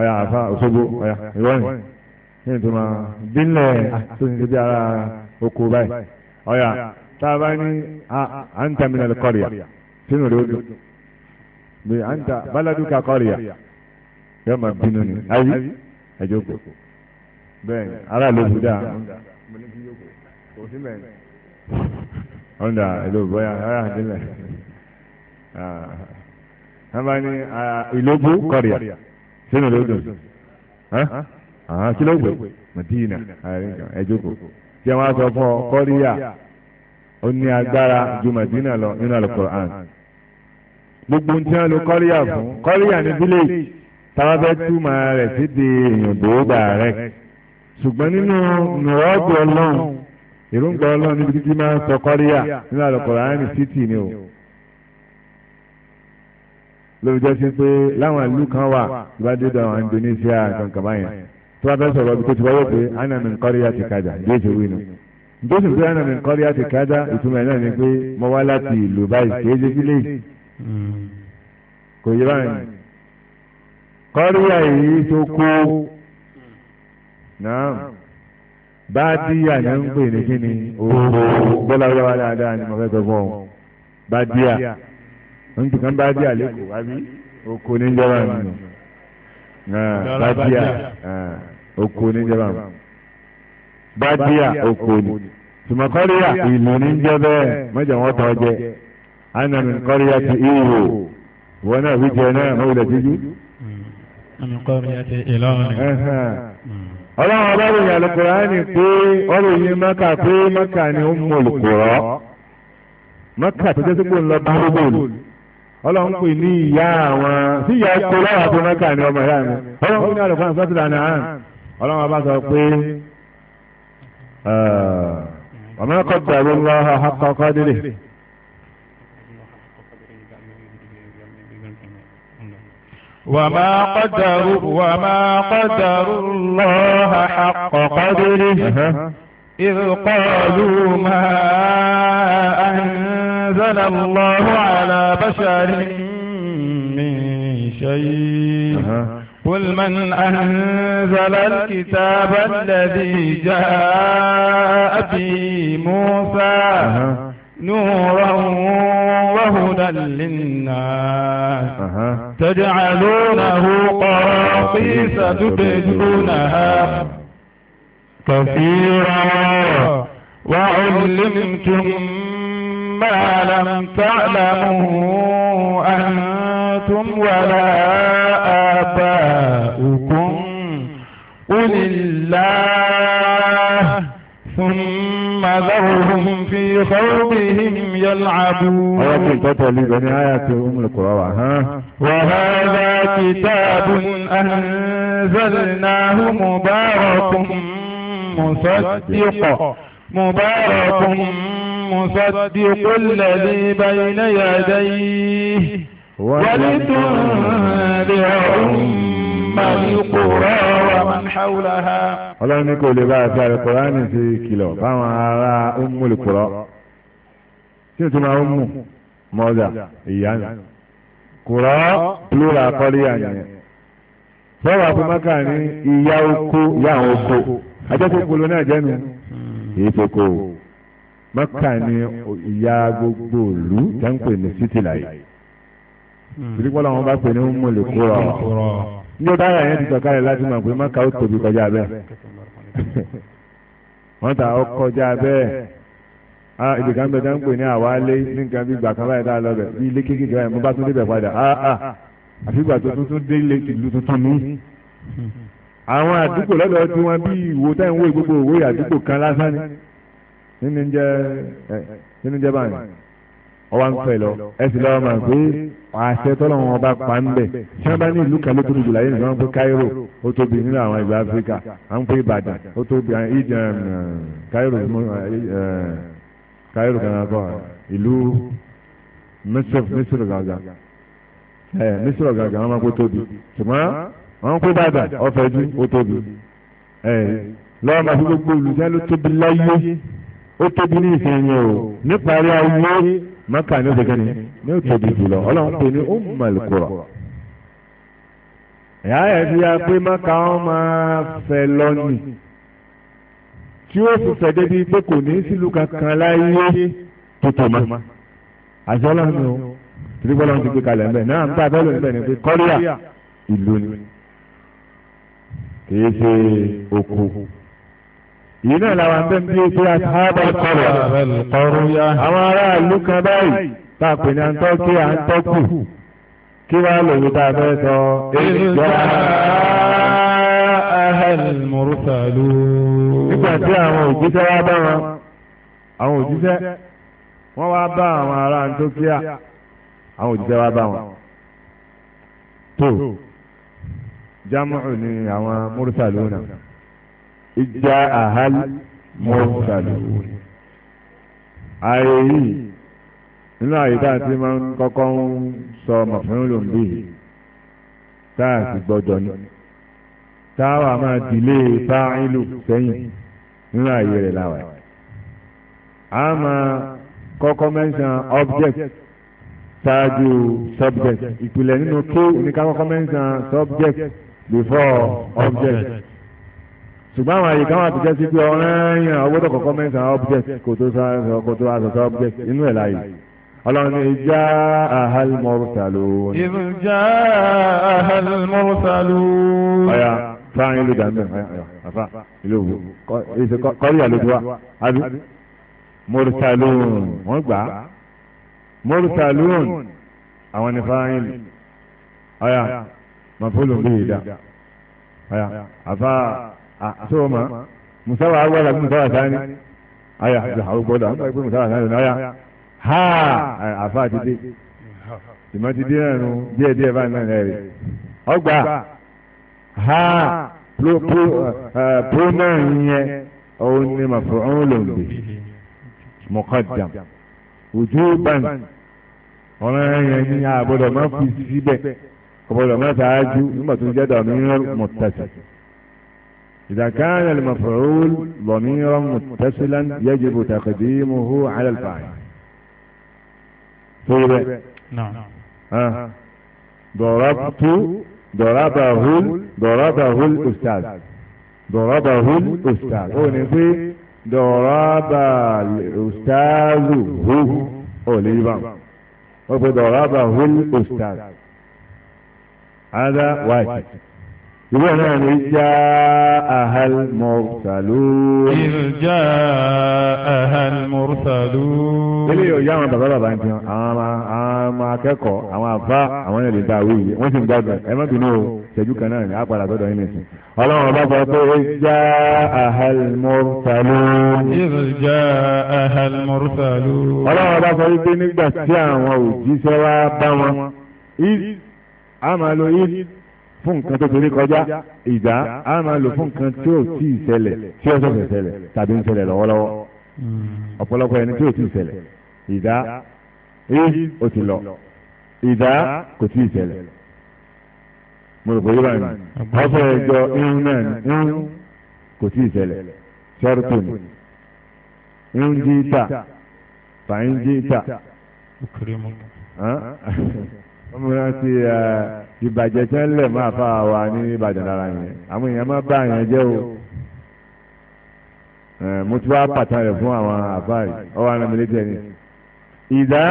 ọ̀yà àfa òṣogbo ọ̀yà ìwọ́nì ní ìtumọ̀ bílẹ̀ tó ní ibi ara oko báyìí ọ̀yà tá a bá ní à ń tẹ̀mí náà kọ́rìà sínú rẹ̀ ó dùn bí à ń ta baladuka kọ́rìà yóò máa bínú ni ayé ẹjọ́ kò bẹ́ẹ̀ ara ló bu dáa ọ̀dà ìlú bọ́yá ara àdínlẹ̀ ẹ̀ ah. bá ní ìlú bú kọ́rìà sínú ló dùn kí ló pè Madina ẹ jókòó tí wọn sọ fún ọ kọríyà ó ní agbára ju Madina lọ nínú alukur'an gbogbo ohun tí wọn lo kọríyà fún kọríyà ní village táwọn fẹẹ túmọ̀ rẹ̀ sí di èèyàn gbòógbà rẹ̀ ṣùgbọ́n nínú nùrọ́ọ̀dù ọlọ́run èròǹgbà ọlọ́run níbi títí máa ń sọ kọríyà nínú alukur'an ní city ni o lórí jẹ́ sí pé láwọn ìlú kan wà ìbádé dọ̀ àwọn Indonesia kankan báyẹn tó bá fẹ́ sọ̀rọ̀ ibi tó ti wáyé pé ana min qaryati kaza yóò ṣe wí nu nítorí pé ana min qaryati kaza ìtumọ̀ náà ni pé mo wá láti ìlú báyìí kì í ṣe sílé kò yé báyìí kọ́ríyà yìí tó kó náà bá díyà ní ń pè ní kíni òòrùn bọ́lá wíwá dáadáa ni mo fẹ́ sọ fún ọ bá díyà. níbi kan bá dí àlékò àbí oko níjọba nù bá díà oko níjọba nù bá díà oko ni tùmọ̀kọ́ríyà ìlú níjẹ́ bẹ́ẹ̀ mọ́jà wọn tọ́ jẹ́ anàmì kọ́ríyà ti ìhò wọn náà wíjẹ náà mọ́wulẹ̀ jíjú. anàmì kọ́ríyà ti ìlọrin ọlọ́run ọba ròyìn alukurani pé ni ó mú olùkùrọ̀ mẹ́kà tó jẹ́ sípò ńlọ bá ọlọ́run pè ní ìyá àwọn tí ìyá epo lọ́wọ́ àbúrọ́kà ni ọmọ ìyá mi ọlọ́run ní àlùkò àǹsọ́tì lànà àrùn ọlọ́run bá sọ pé ọmọ ẹ̀kọ́ dàbí lọ́wọ́ àkọ́kọ́ délé. وما قدروا وما قدروا الله حق قدره إذ قالوا ما أنزل أنزل الله على بشر من شيء قل من أنزل الكتاب الذي جاء به موسى نورا وهدى للناس تجعلونه قراطيس تبدونها كثيرا وعلمتم ما لم تعلموا أنتم ولا آباؤكم قل الله ثم ذرهم في خوضهم يلعبون وهذا كتاب أنزلناه مبارك مصدق مبارك مصدق الذي بين يديه ولتنذر أم القرى ومن حولها ọlọ́run ní kò lè bá àti àlùkùránì ti kìlọ̀ báwọn ará Ummul Qura tí o tún máa ń mú mọ́dà ìyá nù kùrọ́ plúra kọ́líyà nìyẹn bọ́wọ́ àfọmọ́kà ní ìyá oko ìyá àwọn oko ajẹ́kọ̀ọ́ kolo náà jẹ́nu èyí tó kó o maka ni ìyá gbogbo ìlú tẹ́ ń pè ní títì láyé ìdíkọ́ làwọn bá pè ní mọ̀lẹ́ kúrọ̀ ní ọ̀dà ayà yẹn ti sọ̀kalẹ̀ láti mọ̀ pé maka ó tóbi kọjá bẹ́ẹ̀ (laughs) wọ́n ta ó kọjá bẹ́ẹ̀ a ìdìkan bẹ̀ tẹ́ ń pè ní àwálé ní nǹkan bí gbà kan báyìí tá a lọ bẹ̀ bí ilé kékeré báyìí mo bá tún débẹ̀ padà àfìgbà tó tuntun délé ìlú tuntun mi àwọn àdúgbò lọ́dọ̀ tí bí ìwò táwọn ìwé kí ni jẹ́ ẹ kí ni jẹ́ báyìí ọwọ́ ń fẹ́ lọ ẹ sì lọ́wọ́ máa pé àṣẹ tọ́lọ́wọ́n ọba pa ń bẹ̀ ṣé wọ́n bá ní ìlú kan tóbi jùlọ ayé nìkan wọ́n pé Cairo ó tóbi nínú àwọn ìlú Áfíríkà à ń pè Ìbàdàn ó tóbi ìdàn Cairo Cairo kan náà kọ́ ìlú Misr Misr gàgà ẹ Misr gàgà wọ́n máa kó tóbi ṣùgbọ́n wọ́n pè Ìbàdàn ọ̀fẹ́ ju ó tóbi ẹ lọ́wọ́ máa fi gbogbo olùjẹ́ ló tóbi láyé ó tóbi ní ìsinyìí o níparí ayé maka ní ọ̀sẹ̀kẹ́ni ní ó tóbi jùlọ ọlọ́run pè ní Ummul Qura. ẹ̀yà ẹ̀ fi ya pé maka wọn máa fẹ̀ lọ́nì tí ó fi fẹ̀ débi pé kò ní sílùú kankan láyé tó tó ma. àṣọ ọlọ́run o tìrí bọ́lá ti gbé kalẹ̀ ńbẹ̀ náà nípa abẹ́lẹ̀ ńbẹ̀ ni pé kọ́ríà ìlú ni kì í ṣe oko èyí náà làwọn tó ń bí ebi àtàbà kọrọ àwọn aráàlú kan báyìí tá a pè ní àǹtọ́kì àǹtọ́kù kí wàá lòye tá a fẹ́ sọ èyí jọra. nígbà tí àwọn òjíṣẹ́ wá bá wọn àwọn òjíṣẹ́ wọ́n wá bá àwọn ará àǹtọ́kì àwọn òjíṣẹ́ wá bá wọn tó jamu ni àwọn mùrùsàlù náà ìjà àhál mọ́sàlùwò ààyè yìí nínú àyè tá a ti máa ń kọ́kọ́ ń sọ mọ̀fún lòmùbí tá a sì gbọ́dọ̀ ni táwa máa dìlé fáìlù sẹ́yìn nínú àyè rẹ̀ láwàá a máa kọ́kọ́ mẹ́sàn object ṣáájú subject ìpìlẹ̀ nínú kéwù ní ká kọ́kọ́ mẹ́sàn subject before object. object ṣùgbọ́n àwọn àyè káwọn àtijọ́ sí pé ọ̀rẹ́ yẹn ọgbọ́dọ̀ kọ̀kọ́ mẹ́sàn-án object kò tó sọ kò tó àṣọṣọ object inú ẹ̀ láàyè ọlọ́run ní ìjà àhálmọ́rúsàlùún. ìjà àhálmọ́rúsàlùún. ọ̀yà fáwọn ìlú dàmí àfà ìlú òwú kọ́lí àlejò wa àbí mọ́rúsàlùún wọ́n gbà á mọ́rúsàlùún àwọn ní fáwọn ìlú ọ̀yà màfúlùmí ìdá ọ̀yà àfà sọ ma musawa awala musawa sani aya àwọn gbọ́dọ̀ àwọn gbọ́dọ̀ musawa sani aya ha afa ti dé tìmọ ti dé nànú díẹ̀ díẹ̀ bá nànú ẹ rẹ ọgbà ha pro pro pro eh, eh, náà yẹ òun ni maf'ulun lòdì muqaddam wujuban ọ̀ràn yẹn ní àbọ̀dọ̀ máa fi síbẹ̀ ọ̀bọ̀dọ̀ máa ṣáájú nígbà tó ń jẹ́ dàmí mọ̀tàṣà. إذا كان المفعول ضميرا متصلا يجب تقديمه على الفاعل طيب نعم ها ضربت ضربه ضربه الأستاذ ضربه الأستاذ هو نفي ضرب الأستاذ هو أوليبا ضربه الأستاذ هذا واجب Ìwé náà ni já ahal mọ̀rùsàlú. Ìjà ahal mọ̀rùsàlú. Ilé yóò yá àwọn bàbá bàbá nìkan, àwọn ọmọ akẹ́kọ̀ọ́, àwọn àfá, àwọn èlé dá àwọn ìwé. Wọ́n sì ń gbádùn ẹ mọ́tò náà ṣẹ́jú kan náà ní àpàdà sọ́dọ̀ yín nìsín. Ọlọ́run ọba sọ pé ìjà ahal mọ̀rùsàlú. Ìjà ahal mọ̀rùsàlú. Ọlọ́run ọba sọ wípé nígbà tí àwọn òjíṣẹ́ wá bá wọn, àmàlò fún nǹkan tó torí kọjá ìdá a máa lò fún nǹkan tí ò tí ì ṣẹlẹ̀ tí ó sọ̀fẹ̀ ṣẹlẹ̀ tàbí ń ṣẹlẹ̀ lọ́wọ́lọ́wọ́ ọ̀pọ̀lọpọ̀ ẹni tí ò tí ì ṣẹlẹ̀ ìdá èyí ò ti lọ ìdá kò tí ì ṣẹlẹ̀ mo rò pé yóò bá mi ọ̀fẹ́ ẹjọ́ irun náà ni irun kò tí ì ṣẹlẹ̀ ṣọ́ọ̀tù ni irun jí ìta fàáyín jí ìta ọmọ náà ti ìbàjẹ́ tí wọ́n lẹ̀ máa fà wá ní ìbàdàn lára yẹn àwọn èèyàn máa bá yẹn jẹ́ o mo ti wá pàtàkì rẹ̀ fún àwọn àfáì ọwọ́ ara mi létí ẹni. ìdá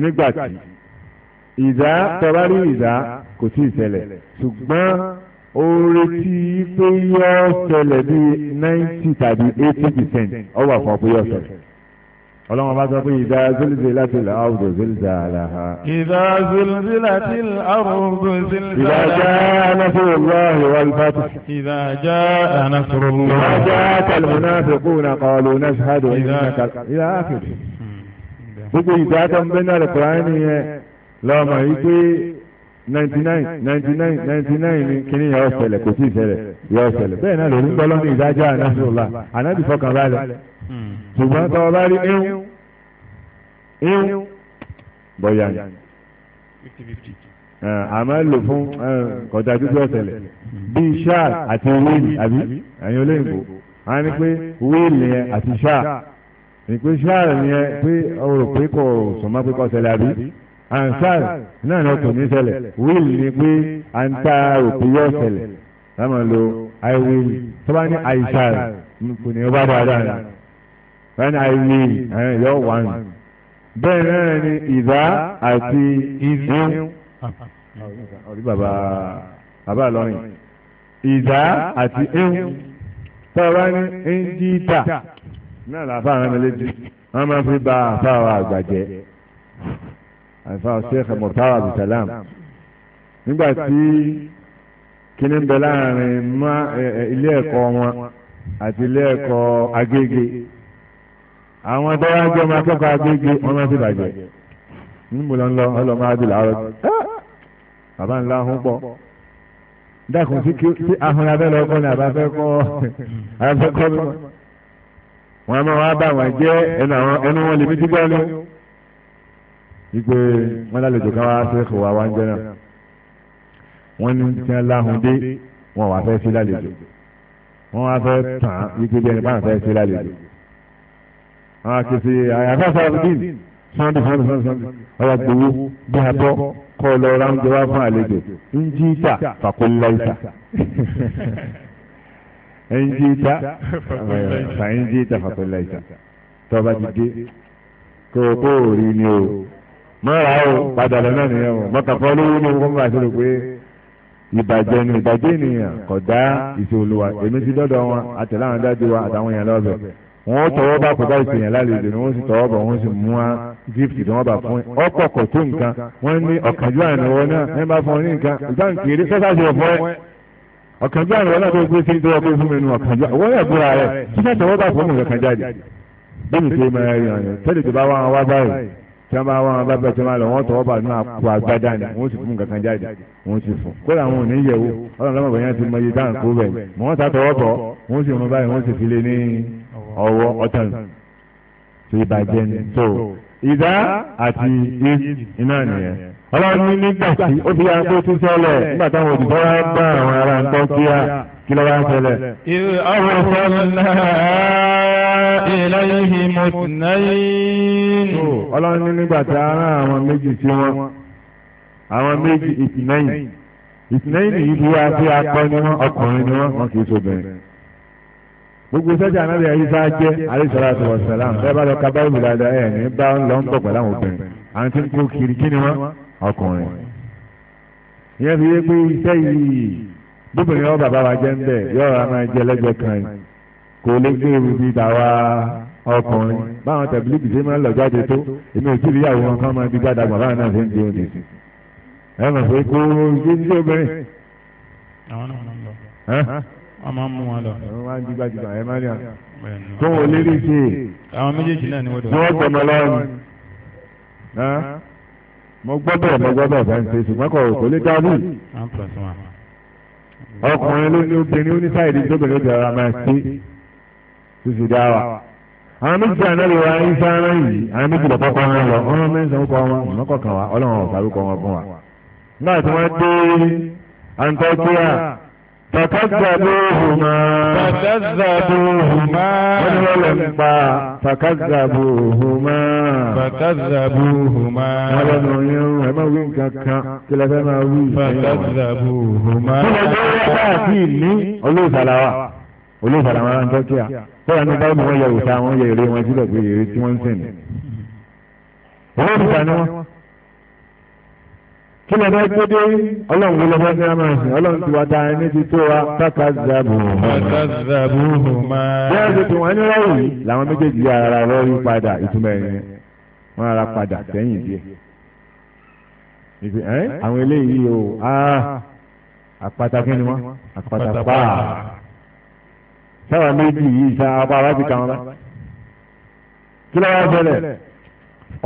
nígbàtí ìdá tọ́ba rí ìdá kò sí ìṣẹ̀lẹ̀ ṣùgbọ́n ó retí pé yóò ṣẹlẹ̀ bíi ninety tàbí eighty percent ọwọ́ àfọ̀n pé yóò ṣẹlẹ̀ ọlọ́wọ́n bá sọ pé ìdá zilzilatil ardu zilzalaha. ìdá zilzilatil ardu zilzalaha. ìdá jaa nasrullahi wal fath. ìdá jaa nasrullahi. ìdá jaakal munafiquna qalu nashhadu innaka ìdá ákìrì. Hmm. gbogbo ìdá tó ń bẹ́ náà lè kúránì yẹn lọ́mọ yìí pé ninety nine ninety nine ninety nine ni kíní yẹn ọ̀sẹ̀lẹ̀ kò tí ì ṣẹlẹ̀ yẹn ọ̀sẹ̀lẹ̀ bẹ́ẹ̀ náà lòún gbọ́ lọ́nà ìdájọ́ ànáṣọ́lá ànábì fọkàn balẹ̀ ṣùgbọ́n tọ́ ọba rí ẹ̀hún ẹ̀hún bọ̀yà ni àmọ́ lò fún kọjá dúdú ọ̀sẹ̀lẹ̀ bíi ṣáà àti wíìlì àbí ẹ̀yin olóyìnbó a ní pé wíìlì yẹn àti ṣáà ní pé ṣáà yẹn pé ọ̀rọ̀ pé kò sùnmọ́ pé kọ́ ṣẹlẹ̀ àbí ansar náà náà kò ní ṣẹlẹ̀ will ni pé à ń ta òkú yọ ṣẹlẹ̀ láàmú lo i will tó bá ní àìsàn kò ní bá dáadáa ni bá ní i will yọ wà ní. bẹ́ẹ̀ náà ni ìdá àti ìdín ọ̀rí bàbá bàbá lọ́rìn ìdá àti ìhùn tó bá ní ìdíta náà làbá àwọn ẹlẹ́dì wọ́n máa fi ba àfa àgbàjẹ́ àlùfáà sheikh murtala abdulsalam nígbà tí kíní ń bẹ láàrin ilé ẹ̀kọ́ wọn àti ilé ẹ̀kọ́ agége àwọn dọ́wọ́ ajé ọmọ akẹ́kọ̀ọ́ agége wọn máa ti bàjẹ́ níbo lọ ń lọ ọlọmọ adìlà ọ̀rọ̀ bàbá ńlá ń pọ̀ dákun sí kí ahọ́n abẹ́ ni àbá kọ́ abẹ́ kọ́ bí wọn. máa wá bá wọn jẹ́ ẹnu wọn lè mí dígbà lọ wípé wọ́n lálejò kan wá sẹ́kù wá wá ń jẹ́ náà wọ́n ní tí wọ́n láhùn dé wọn wá fẹ́ sí lálejò wọ́n wá fẹ́ tàn án wípé bí ẹni báwọn fẹ́ sí lálejò wọ́n á ké sí àyàfẹ́ sọ́ọ́dún bíi sọ́ọ́dún sọ́ọ́dún sọ́ọ́dún gbowó bí abọ́ kọ́ ọ lọ ráńjẹ wá fún àlejò ń jí ìta fàkólá ìta ń jí ìta fàkólá ìta tọ́ba ti dé kó o kó o rí ni o mọ́ra o padà lọ́nà nìyẹn o mọ́kànfọ́ olówó ní owó máa ṣòro pé ìbàjẹ́ ni ìbàjẹ́ ènìyàn kò dá ìṣòlùwà èmi ti dọ́dọ̀ wọn àtẹ̀lé àwọn dájú wa àtàwọn èèyàn lọ́bẹ̀ wọn ó tọwọ́ bá kọjá ìṣèyàn lálejò ni wọ́n sì tọwọ́ bọ̀ wọ́n sì mú wa gífìtì tí wọ́n bá fún ẹ ọ̀pọ̀ kò tó nǹkan wọ́n ní ọ̀kànjú àníwọ̀ náà ẹ bá fún ọ ní nǹkan ìbáǹkì eré sọ́sà ṣe ọ̀fọ́ ẹ ọ̀kànjú àníwọ̀ náà tó gbé sí tó wọ́n gbé fún mi nu ọ̀kànjú àwọn yà búra rẹ̀ sísẹ́ tọwọ́ bá fún mi kankan jáde bí mi ṣe máa rí ọ̀yàn tẹ́lẹ̀ tó bá wá wá báyìí tí wọ́n bá wá wọn bá bẹ̀ tí wọ́n bá lọ wọ́n tọwọ́ bá nínú àpò àgbádá ni wọ́n sì fún kankan jáde wọ́n sì fún kódà àwọn òní yẹ̀wò ọlọ́run lọ́mọ bẹ̀yẹn ti mọ iye dáhùn kó bẹ̀ mọ́ wọn sàtọwọ́ bọ̀ wọ́n sì rún báyìí wọ́n sì fi lé ní ọwọ́ ọ̀tàn tó ìbàjẹ́ ni tó ìdá àti iná nìyẹn ọlọ́run ní nígbà tí ó fi yára tó tún sẹ́lẹ̀ nígbà táwọn òdìbò wá bá àwọn ará ń gbọ́ kí ilayhim ithnayn. ọlọ́run ní nígbà tí a rán àwọn méjì sí wọn àwọn méjì ithnayn ithnayn yìí bí wá sí akọ ni wọn ọkùnrin ni wọn wọn kì í sóbìnrin. gbogbo sẹ́jà náà yẹ isa jẹ́ aleyhisalatu wasalam bẹ́ẹ̀ bá lọ ka báyìí wùdà dá ẹ̀ ní bá ń lọ ń bọ̀ pẹ̀lú àwọn obìnrin àwọn tí ń kó kiri kí ni wọn ọkùnrin. ìyẹn fi yé pé iṣẹ́ yìí bóbìnrin ọ kò lè gbé ewu bíi tàwa ọkùnrin báwọn tẹ̀bílíkì ṣe máa ń lọ jáde tó èmi ò tí ì rí àwọn kan máa ń di jáde àgbà báwọn náà ṣe ń di òde sí. ẹ mọ̀ pé kó ṣe ń ṣe obìnrin. àwọn náà máa ń lọ. wọ́n máa ń mú wọn lọ. wọ́n máa ń di gbajúgbà ẹ máa ń yàn. kó o lè rí ṣe. àwọn méjèèjì náà ni wọ́n dọ̀. wọ́n tẹ̀mọ lọ́rùn. mo gbọ́dọ̀ mo gbọ́dọ̀ fẹ́ ọkùnrin ló ní obìnrin ó tóbi ló jẹ́ ara máa ṣe fífi dá wa. àwọn méjì ànábì wa ń sáárá yìí àwọn méjì lọ́kọ́ kọ́ wọn lọ ọmọ mẹ́sàn-án kọ́ wọn ìmọ̀kọ̀ kan wa ọlọ́run ọ̀sà ló kọ́ wọn fún wa. nígbà tí wọ́n dé Antakya takazabuhuma takazabuhuma wọ́n ní wọ́n lọ ń pa takazabuhuma takazabuhuma wọ́n lọ nù yín ọ̀hún ẹ̀ máa wí nǹkan kan kí lè fẹ́ máa wí. takazabuhuma. bí wọ́n gbé wọ́n bá àti ìní olóòsàlà wa olóòsàlà wa Antakya bẹ́ẹ̀ ni báyìí wọ́n yẹ òòtá wọn yẹ èrè wọn sílẹ̀ pé èrè tí wọ́n ń sìn ní. owó òòtá ni wọ́n. kí lẹ́nu ẹgbẹ́ dé ọlọ́run ló lọ́wọ́ sí ọmọ ẹ̀sìn ọlọ́run ti wá ta ẹni ti tó wa káka zabu. káka zabu máa. bí wọ́n ti tún wọn ní rọ́ọ̀rù yìí làwọn méjèèjì yà ara rọ́ọ̀rù padà ìtumọ̀ ẹ̀yìn wọn ara padà sẹ́yìn díẹ̀. àwọn eléyìí o apàtàkì ah, ni wọ́n apàtàkì sáwọn méjì yìí sa ọba wa ti kà wọn bá kí ló wá ṣẹlẹ̀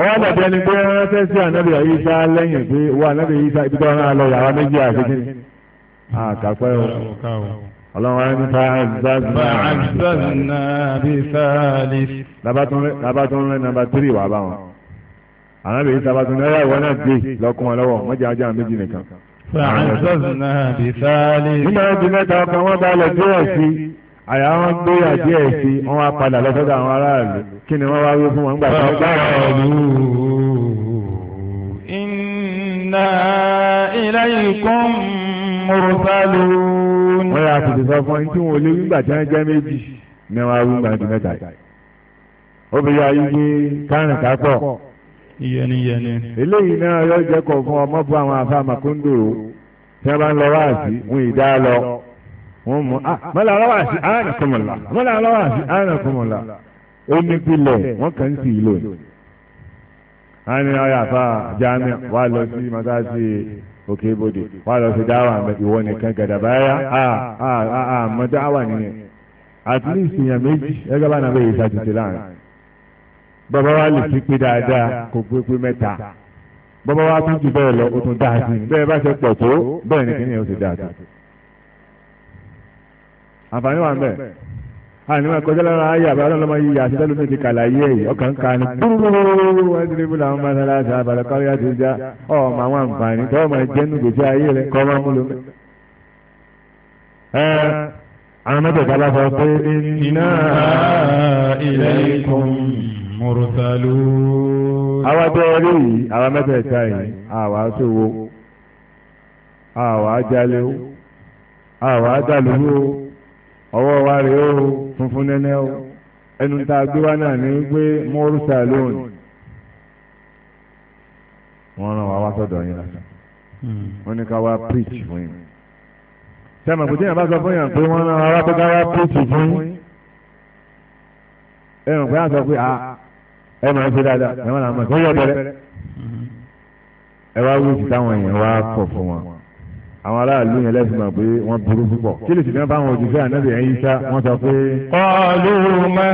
ọwọ́ dàbí ẹni pé wọ́n fẹ́ sí ànábì Ìsá lẹ́yìn pé wọ́n ànábì Ìsá ibi tó náà lọ yàrá méjì àgbègbè àkàpẹ́ o ọlọ́run wa ní fàáza labatun rẹ nàmbà tírì wà bá wọn ànábì Ìsá labatun rẹ ìwọ náà gbé lọ́kùn wọn lọ́wọ́ wọ́n jẹ́ ajá méjì nìkan. fàáza nàbì sálẹ̀ àyà wọn gbé àdí ẹ̀ sí wọn wá padà lọ àwọn aráàlú kí ni wọ́n wá wí fún wọn gbà tó gbára ọ̀lú. inna ilaykum mursalun. wọ́n yà tètè sọ fún ẹni tí wọ́n lé wígbà tí wọ́n jẹ́ méjì ni wọ́n wá wígbà tí mẹ́ta obìnrin ayé gbé kárìn kápọ̀. ìyẹnì yẹnì. eléyìí náà yóò jẹ́ kọ̀ fún ọmọ fún àwọn afáàmà kóńdòrò tí wọ́n bá ń lọ wáàsí wọn ì wọ́n mú a ah, mọ́lá ọlọ́wà sí àánà kọmọ̀lá mọ́lá ọlọ́wà sí àánà kọmọ̀lá ó ní pilẹ̀ wọ́n kàn sí ìlò ni. a ní ọyà àfa jami wà lọ sí mọ́tàsí òkè ibodè wà lọ sí dáwà ìwọ nìkan gàdàbáyà a a a a mọ́tàwà nìyẹn at least èèyàn méjì ẹgbẹ́ bá nàbẹ́ yìí ṣàtìtì láàrin bàbá wa lè fi pé dáadáa kò pé pé mẹ́ta bàbá wa tún jù bẹ́ẹ̀ lọ ó tún dáa sí bẹ́ẹ̀ bá ṣe pọ̀ tó bẹ́ẹ̀ ni kí ni ó ṣe dáa tó àǹfààní wà ń bẹ̀ àní wọn kọjá lára ayé àbá ọlọ́run lọ́mọ yíyá àti tẹ́lifíṣàn ti kàlàyé ẹ̀yìn ọkàn ń kani púrúrúrú wọn ti rébùlà àwọn mọ́sálásí àbàlẹ̀ kárí àti ìjà ọmọ àwọn àǹfààní tọ́wọ́ máa jẹ́ nù gbèsè ayé rẹ kọ́ máa mú lò mẹ́. ẹ àwọn mẹ́tẹ̀ẹ̀ta bá sọ pé iná ilẹ̀ ikùn mùrùsàlù. àwa tẹ ẹ léyìí àwa mẹ́tẹ̀ẹ̀ta yìí àwa ṣòwò àwa jalè àwa dàlúwò ọwọ́ wa rèé o funfun nẹ́nẹ́ o ẹnu tá a gbé wá náà ní pé mọ́rúsà lónìí wọ́n ràn wá wá sọ́dọ̀ yín lásán hmm. wọ́n ní ká wá preach fún yín sẹ́mi kò tíyàn bá sọ fún yàn pé wọ́n ràn wá pé ká wá preach fún yín ẹ ràn pé à sọ pé ah, ẹ máa ń ṣe dáadáa ẹ máa ń ṣe dáadáa ẹ wá wíìsì táwọn èèyàn wá pọ̀ fún wọn àwọn aráàlú yẹn lẹ́sìn mọ̀ pé wọ́n burú púpọ̀ kí lè sì dán fáwọn òṣìṣẹ́ ànábì ẹ̀yìn iṣá wọ́n sọ pé. qalu ma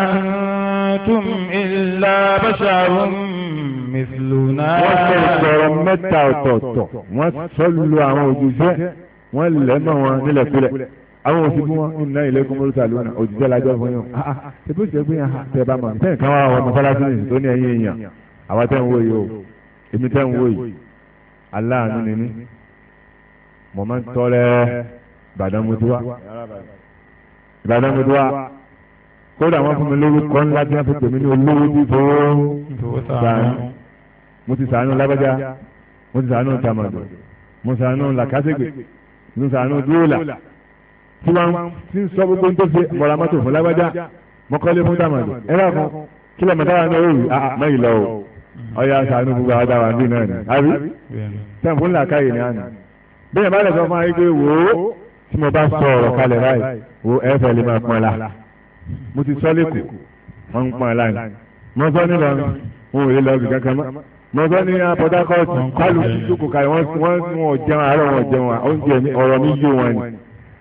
antum illa basharun mithluna. wọ́n sọ ìsọ̀rọ̀ mẹ́ta ọ̀tọ̀ọ̀tọ̀ wọ́n sọ lu àwọn òṣìṣẹ́ wọ́n lẹ́ mọ́ wọn nílẹ̀kulẹ̀ àwọn òṣìṣẹ́ ah, ah, bí wọ́n ń ná ilé kún mọ́tò àlùmọ́ òṣìṣẹ́ fún yàn. ṣèbí òṣìṣẹ́ gbé yàn bá mọ̀ tẹ̀ káwọn àwọn ọmọ fọlá aláàánú ni mí mo máa ń tọrẹ ìbàdàn mo ti wá ìbàdàn mo ti wá kódà wọn fún mi lórúkọ ńlá tí wọn fi pè mí ní olówó tí fowó sàánú mo ti sàánú lábájá mo ti sàánú tàmàdù mo sàánú làkàṣègbè mo sàánú dúrólà tí wọn ti sọ gbogbo tó ṣe mọ̀ra mọ́tò fún lábájá mọ́kọ́lé fún tàmàdù ẹ̀rọ kan kílẹ̀ mọ̀tàrà náà ó rí àmọ́ ah, ah, ìlọ o ọyá sànú gbogbo àwọn àdáwà ń bí náà ni àbí tẹ̀m̀pù ńlá káyè ní àná bẹ́ẹ̀ bá lè sọ fún ayégbé wò ó tí mo bá sọ ọ̀rọ̀ kalẹ̀ báyìí wo ẹ̀fẹ̀ lè máa pọn la mo ti sọ lẹ́kọ̀ọ́ wọ́n ń pọn la ni mo sọ nílọ n ò lè lọ bì kankan mọ́ mo sọ ní Port Harcourt kálù ìjókòó kalẹ̀ wọ́n wọ́n wọ́n jẹun àárọ̀ wọ́n jẹun oúnjẹ mi ọ̀rọ̀ mi yé wọn ni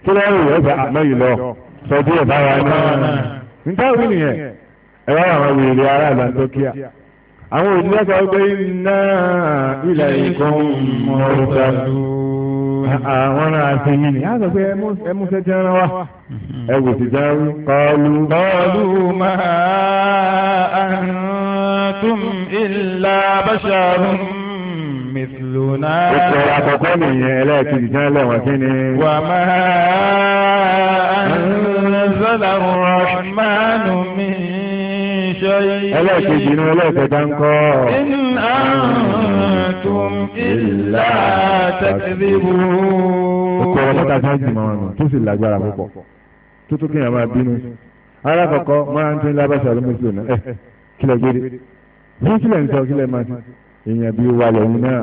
kí lẹ́yìn ìwé ẹ̀fẹ̀ àmọ́yìí ah, lọ sọ bí ẹ̀ bá wa ní. nítorí nìyẹn ẹ wá àwọn wèrè ará ìlànà tó kíá. àwọn òdìlẹ́ sọ pé iná ilẹ̀ ikùn mọ̀ọ́tàdù àwọn náà ṣe yìí ni a sọ pé ẹmú ṣe jẹ́ wa ẹwù sì jẹ́ kọlu. kọlu máa àǹtùm ìlà bàṣàrùn mìtìlúnà. Ètò àkọ́kọ́ nìyẹn ẹlẹ́ẹ̀kejì jẹ́ lẹ́wọ̀n kí ni. Wà máa ń zọ́lá rọ̀ṣùmánù mi. ẹlẹ́ẹ̀kejì inú ẹlẹ́ẹ̀kẹta ń kọ́. in antum illa takdhibu. ọkọ̀ ọ̀rọ̀ mọ́ta fẹ́ jùmọ̀ ọ̀nà tó sì lágbára púpọ̀ tó tó kéèyàn máa bínú. alákọ̀ọ́kọ́ máa ń tún lábàṣà lómùsùn náà ẹ̀ kílẹ̀ gbére. bí kílẹ̀ ń sọ kílẹ̀ máa ti èèyàn bí wà lẹ́yìn náà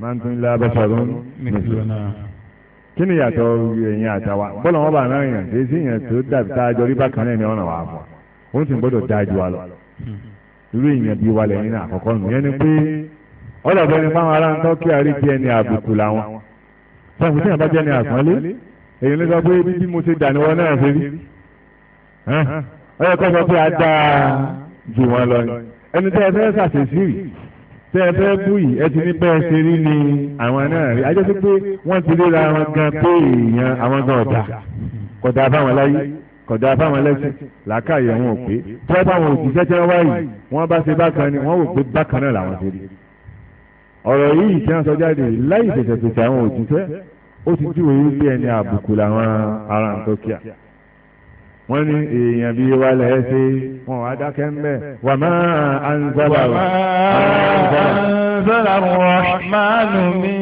máa ń tún lábàṣà lómùsùn náà kí ni yàtọ̀ èèyàn àtàwà bọ́lá wọn bá náà yàn èyí sì yàn tó dàbí tá a jọ rí bákan náà ni ọ̀ràn wà fún wa òun sì gbọ́dọ̀ dáa ju wa lọ irú èèyàn bíi wa lẹ̀ nínú àkọ́kọ́ nù yẹn ni pé ọ̀dọ̀bẹ ni fáwọn ará ń tọ́ kí àrí jẹ́ ni àbùkù làwọn sọ́kùn tí yàrá jẹ́ ni àpọ́nlé èyí ló sọ pé bí mo ti dà ní wọn náà ṣe rí ọ yẹ kó sọ pé a dáa ju wọn lọ ni ẹni tẹ́ ẹ fẹ́ ṣàṣeṣì rí tẹ́ ẹ fẹ́ bú yìí ẹ ti ní bẹ́ẹ̀ ṣe rí ni àwọn náà rí ajẹ́ pé wọ́n ti ríra wọn gan pé èèyàn àwọn gan ọ̀dà kọ̀dà báwọn láyé kọ̀dá fáwọn ẹlẹ́sìn làákàyè wọn ò pé tí wọ́n bá wọn òṣìṣẹ́ tí wọ́n wáyé wọ́n bá ṣe bákan ni wọ́n wò pé bákan náà làwọn ṣe rí ọ̀rọ̀ yìí tí wọ́n sọ jáde láì fẹsẹ̀fẹsẹ̀ àwọn òṣìṣẹ́ ó ti júwèé pé ẹni àbùkù làwọn ará nǹkan kíá wọ́n ní èèyàn bíi wa lẹ̀ ṣe wọn wá dákẹ́ ń bẹ̀ wà má anzala wà má anzala rahmanu mi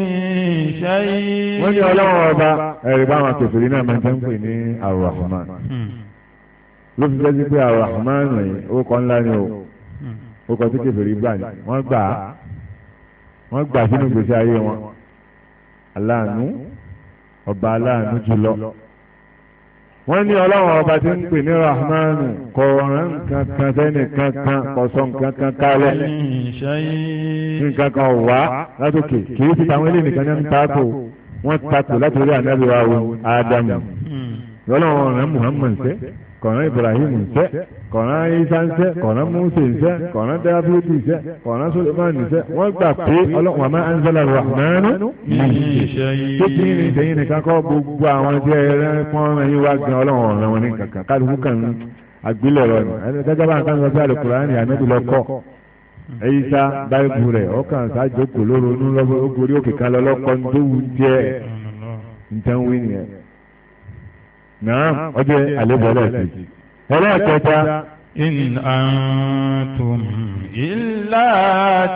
ṣayí. wọ́n ní ọlọ́wọ́ ọba ẹ̀rí bá wọn kẹfìrí náà máa jẹ́ ń pè ní arahman hmm. ló fi jẹ́jú pé arahman yìí ó ńlá ni o ó hmm. tí kẹfìrí gbà ní wọ́n gbà á wọ́n gbà sínú ìgbésí ayé wọn aláàánú ọba aláàánú jùlọ wọ́n ní ọlọ́run ọba tí ń pè ní rahmanu kò rán nǹkan kan sẹ́ni kankan kò sọ nǹkan kan kálẹ̀ nǹkan kan wá látòkè kì í sì táwọn eléyìí nìkan ní tako wọ́n tako láti orí ànábì wo ádámù ọlọ́run ọ̀ràn muhammad sẹ́ kò ibrahim sẹ́ kọ̀nà isa ń sẹ́ kọ̀nà Mùsá ń sẹ́ kọ̀nà dáfídì sẹ́ kọ̀nà sọlọ́mọ́nì sẹ́ wọ́n gbà pé ọlọ́wọ́n máa ń sẹ́lẹ̀ rà mẹ́rin tó kí ni ìsẹ́yìn nìkan kọ́ gbogbo àwọn tí ẹ rẹ́ pọ́n ẹyin wá gan ọlọ́wọ́n ọ̀rẹ́ wọn ní kankan kálukú kan agbélẹ̀rọ ni gẹ́gẹ́ bá nǹkan sọ sí Al-Kùránì àmẹ́tò lọ kọ́ ẹyíṣà báyìí rẹ̀ ọkàn sájòkò ẹlẹ́ẹ̀kẹta. in antum illa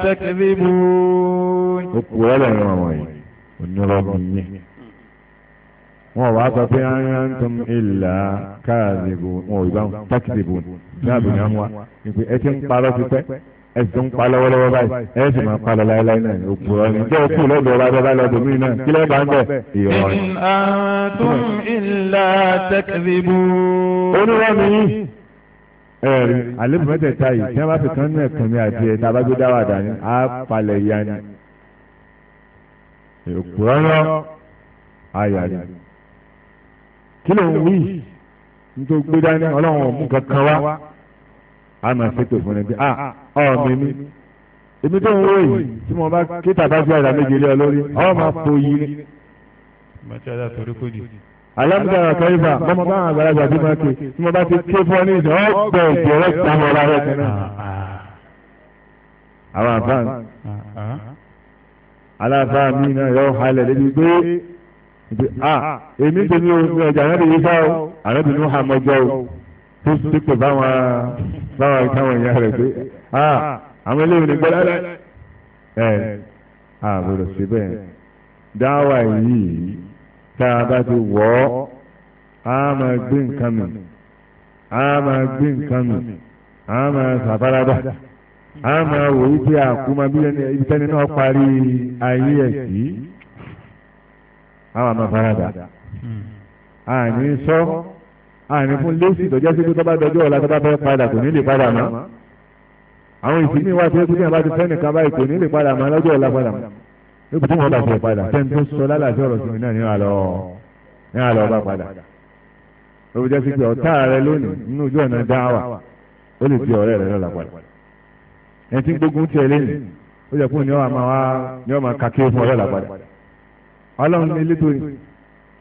takdhibun. ó kú ẹlẹ́ ìwọ̀n wọ̀nyí onírọ́bù yìí wọn wàá sọ pé antum illa kadhibun wọn ò yí bá ní àbùnà ẹ ti ń parọ́ ti ẹsùn ń pa lọ́wọ́lọ́wọ́ báyìí ẹsùn máa pa lọ láéláé náà òkú ọ ní jẹ́ òkú lọ́dọ̀ ọba bẹ́ẹ̀ bá lọ́dọ̀ mí náà kí lẹ́ẹ̀ bá ń bẹ̀ ìyọ̀rọ̀ ni. antum illa takdhibu. oníwọ́n mi yìí ẹ̀rí yìí tí wọ́n bá fi kan ní ẹ̀kàn mi àti ẹ̀ta bá gbé dáwà dání á palẹ̀ ya ni. òkú ọ ayà ni kí ló ń wí nítorí gbé dání ọlọ́run ò kankan wá a máa ṣépè fún ẹni pé ah ọmọ mi èmi tó ń wó yìí tí mo bá kí tàbá sí àdá méje lé ọ lórí ọ máa fo yìí ni. alámùdára kẹfà mọmọ bá àwọn àgbàlagbà bí máa ké tí mo bá ti ké fún ọ ní ìsìn ọ gbọ ìgbẹrẹ ìtàmọra rẹ kan náà. àwọn àfáà aláfáà mi náà yọ halẹ̀ débi pé a ah, èmi tèmi o ọjà náà lè yí ká o àrẹ́bìnrin hàmọ́jọ́ o tó ti pè báwọn báwa rí táwọn èèyàn rẹ̀ pé ah, ah, àwọn eléyìí ní gbọ́dọ̀ ẹ̀ àbúrò síbẹ̀ dáwà yìí tá a bá ti wọ̀ ọ́ a máa gbé nǹkan mi a máa gbé nǹkan mi a máa sàfaradà a máa wò wípé àkúmọ bí ibi tẹ́ni náà parí ayé ẹ̀ sí àwọn àmàfaradà àní sọ àní ah, fún lẹ́sì tó jẹ́ sí pé tó bá dọjọ́ ọ̀la tó bá fẹ́ padà kò ní lè padà mọ́ àwọn ìsinmi wa tó kúndé àbá ti fẹ́ nìkan báyìí kò ní lè padà mọ́ lọ́jọ́ ọ̀la padà mọ́ níbi tí wọ́n bá fẹ́ padà fẹ́ni tó sọ lálàáfíà ọ̀rọ̀ sí mi náà ní àlọ́ ní àlọ́ ọba padà ó jẹ́ sí pé ọ̀tá rẹ lónìí nínú ojú ọ̀nà dáwà ó lè fi ọ̀rẹ́ rẹ lọ́la padà ẹni tí gbógun tiẹ̀ lẹ́yìn ó jẹ́ fún ni ọ̀ máa wá ni ọ̀ máa kàkiri fún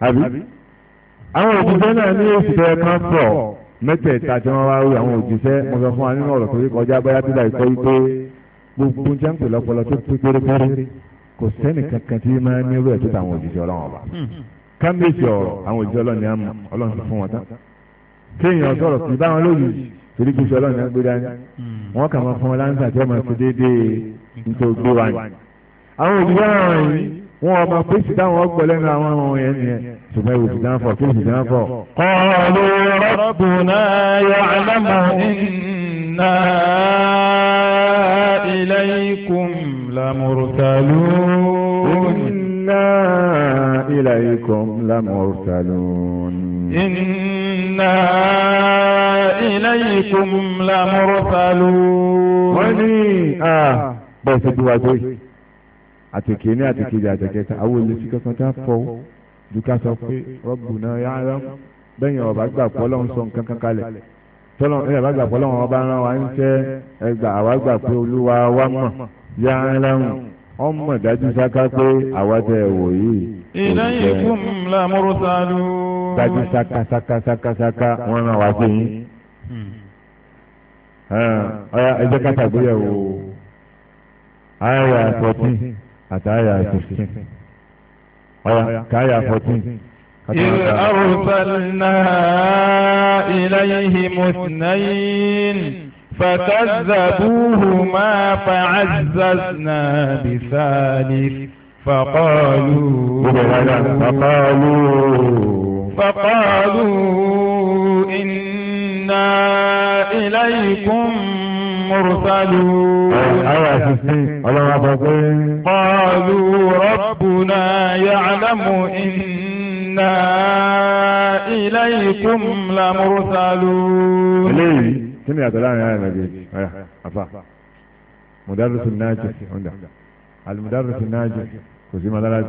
ọ̀rẹ́ àwọn òjíṣẹ́ náà ní òṣìṣẹ́ kan sọ mẹ́tẹ̀ẹ̀ta tí wọ́n wá rí àwọn òjíṣẹ́ mo sọ fún wa nínú ọ̀rọ̀ tó yí kọjá báyá tó dàí kọ́ wípé gbogbo ń jẹ́ǹpẹ̀ lọ́pọlọ tó pé pérépéré kò sẹ́nì kankan tí máa ní irú ẹ̀ tó tàwọn òjíṣẹ́ ọlọ́run ọba kámbíyèsí ọ̀rọ̀ àwọn òjíṣẹ́ ọlọ́run ni àmọ́ ọlọ́run ti fún wọn tán kéèyàn sọ̀rọ̀ kì í bá wọn lóyún torí kí ìṣọ́ ọlọ́run gbé dání wọ́n kà máa fún wọn láǹsà tí wọ́n máa fi déédéé wọn ọmọ pé sì táwọn ọgbọ lẹ́nu àwọn ọmọ yẹn nìyẹn ṣùgbọ́n ìwò sì dáná fọ kí sì dáná fọ. qalu rabbuna ya'lamu inna ilaykum lamursalun. inna ilaykum lamursalun. inna ilaykum lamursalun. wọ́n ní ah, bẹ́ẹ̀ ṣe bí wájú yìí àtẹ̀kẹ́ ní àtẹ̀kejì àtẹ̀kẹta àwọn olùsí kankan tá a fọ ju ká sọ pé Rabbuna ya'lam bẹ́ẹ̀ yẹn ọ̀bá gbà pọ́ lọ́hún sọ nǹkan kan kalẹ̀ tọ́lọ́ ẹ̀ bá gbà pọ́ lọ́hún ọba ńlá wa ń tẹ́ ẹgbà àwa gbà pé olúwa wa mọ̀ ya'lam ọmọ dájú sáká pé àwa tẹ ẹ wò yìí. dájú sáká sáká sáká sáká wọ́n rán wa sí yín. ẹ jẹ́ ká àyà fourteen àtàyà fifteen ọ̀yà káyà fourteen. إذ أرسلنا إليهم اثنين فكذبوهما فعززنا بثالث فقالوا فقالوا فقالوا إنا إليكم مرسلون قالوا ربنا يعلم إنا إليكم لمرسلون كم يا يتلعني يا نبي مدرس الناجح عندك المدرس الناجح كوزي مدرس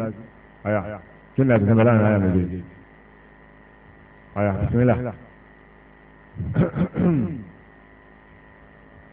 أيا كم يا يتلعني يا نبي أيا بسم الله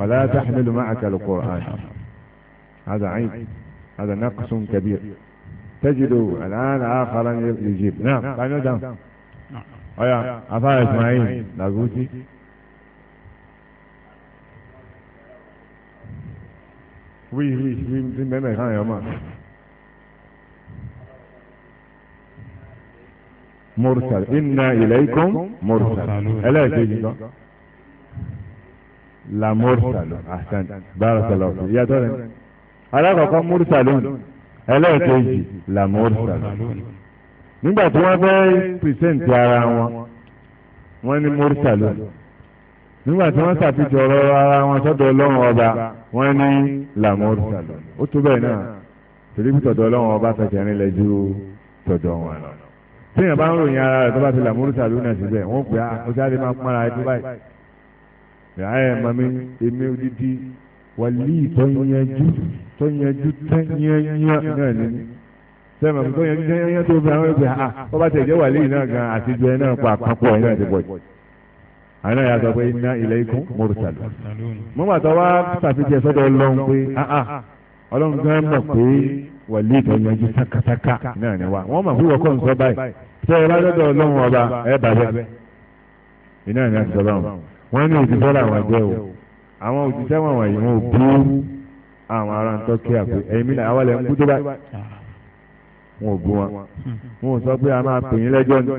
فلا تحمل معك القرآن هذا عيب هذا نقص كبير تجد الآن آخرا يجيب نعم قال نعم ويا آية. أفا إسماعيل لاغوتي وي وي وي مبمبه كان مرسل إنا إليكم مرسل ألا تجد la mursalun ahsan barakallahu fi yàtọ̀ rẹ̀ alákọ̀ọ́kọ́ mursalun ẹlẹ́ẹ̀kejì la mursalun nígbà tí wọ́n fẹ́ pìrìsẹ́ǹtì ara wọn wọ́n ní mursalun nígbà tí wọ́n ṣàfihàn ọ̀rọ̀ ara wọn sọ́dọ̀ ọlọ́run ọba wọ́n ní la mursalun ó tó bẹ́ẹ̀ náà torí tọ̀dọ̀ ọlọ́run ọba fẹsẹ̀ rinlẹ̀ ju tọ̀dọ̀ wọn lọ. téèyàn bá ń ròyìn ara rẹ̀ tó bá ti la mursalun náà síbẹ̀ wọ́n pè á ó sáré máa pọ́nra ẹbí báyìí ayé mami èmi odidi wàlí tọ́yẹ̀jú tọ́yẹ̀jú tẹ́yẹ̀yẹ́ náà ni sẹ́mi àbúkọ́ yẹn jẹ́ yẹn tó fi àwọn ẹgbẹ́ ha ah, wọ́n bá tẹ̀ jẹ́ wàlí náà gan àtijọ́ ẹ̀ náà pa àpapọ̀ ẹ̀ náà ti pọ̀ jù àwọn náà yàtọ̀ pé iná ilẹ̀ ikún mọ̀rùsàlù mọ́ bàtà wá sàfihàn sọ́dọ̀ ọlọ́run pé ah, ah, ọlọ́run gan mọ̀ pé wàlí ìtọ́yẹnjú sákàsákà náà ni wa wọ́n mọ̀ fún wọ́kọ̀ nsọ báyìí sọ wọ́n ní òjíṣẹ́ làwọn jẹ́ o àwọn òjíṣẹ́ wọn wọ̀nyí wọn ò bú àwọn ará ń tọ́kí àpè ẹ̀mí náà àwọn ẹ̀mí tó báyìí wọn ò bú wọn wọn ò sọ pé a máa pè yín lẹ́jọ́ ni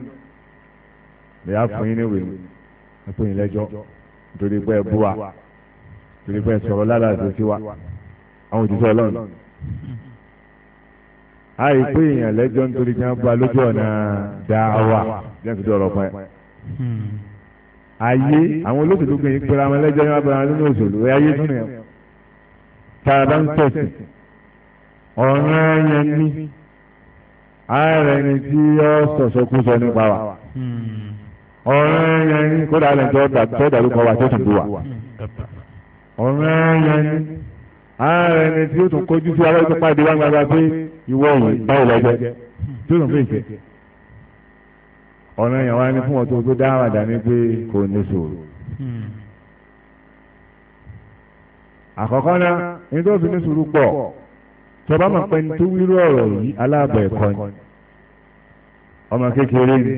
lè á fún yín ní ìwé a pè yín lẹ́jọ́ nítorí pé ẹ bú wa nítorí pé ẹ sọ̀rọ̀ lálàzé sí wa àwọn òjíṣẹ́ ọlọ́run àì pé èèyàn nítorí kí wọ́n lójú ọ̀nà dáa wa jẹ́ nítorí ọ̀rọ̀ fún ẹ ayé àwọn olóṣèlú gbé yín pera wọn lẹ́jọ́ yín wá bẹ̀rẹ̀ nínú òṣèlú ẹ ayé tún nìyẹn tá a bá ń tẹ̀sí ọ̀ràn yẹn ní ààrẹ ni tí ó sọ̀sọ̀kúsọ nípa wa ọ̀ràn yẹn ní kódà àlẹ́ tó dàrúkọ wa tó tún bú wa ọ̀ràn yẹn ní ààrẹ ni tí ó tún kọjú sí wa lọ́jọ́ pàdé wa gbàgbà pé ìwọ òun báwo lọ́jọ́ tó tún fèsì ọ̀nà yẹn wá ní fún wọn tó tó dáhùn àdáni pé kò ní sòrò. Hmm. àkọ́kọ́ náà ní tó fi ní sùúrù pọ̀ tọba máa pẹ́ ní tó wírú ọ̀rọ̀ yìí aláàbọ̀ ẹ̀kọ́ ni ọmọ kékeré ni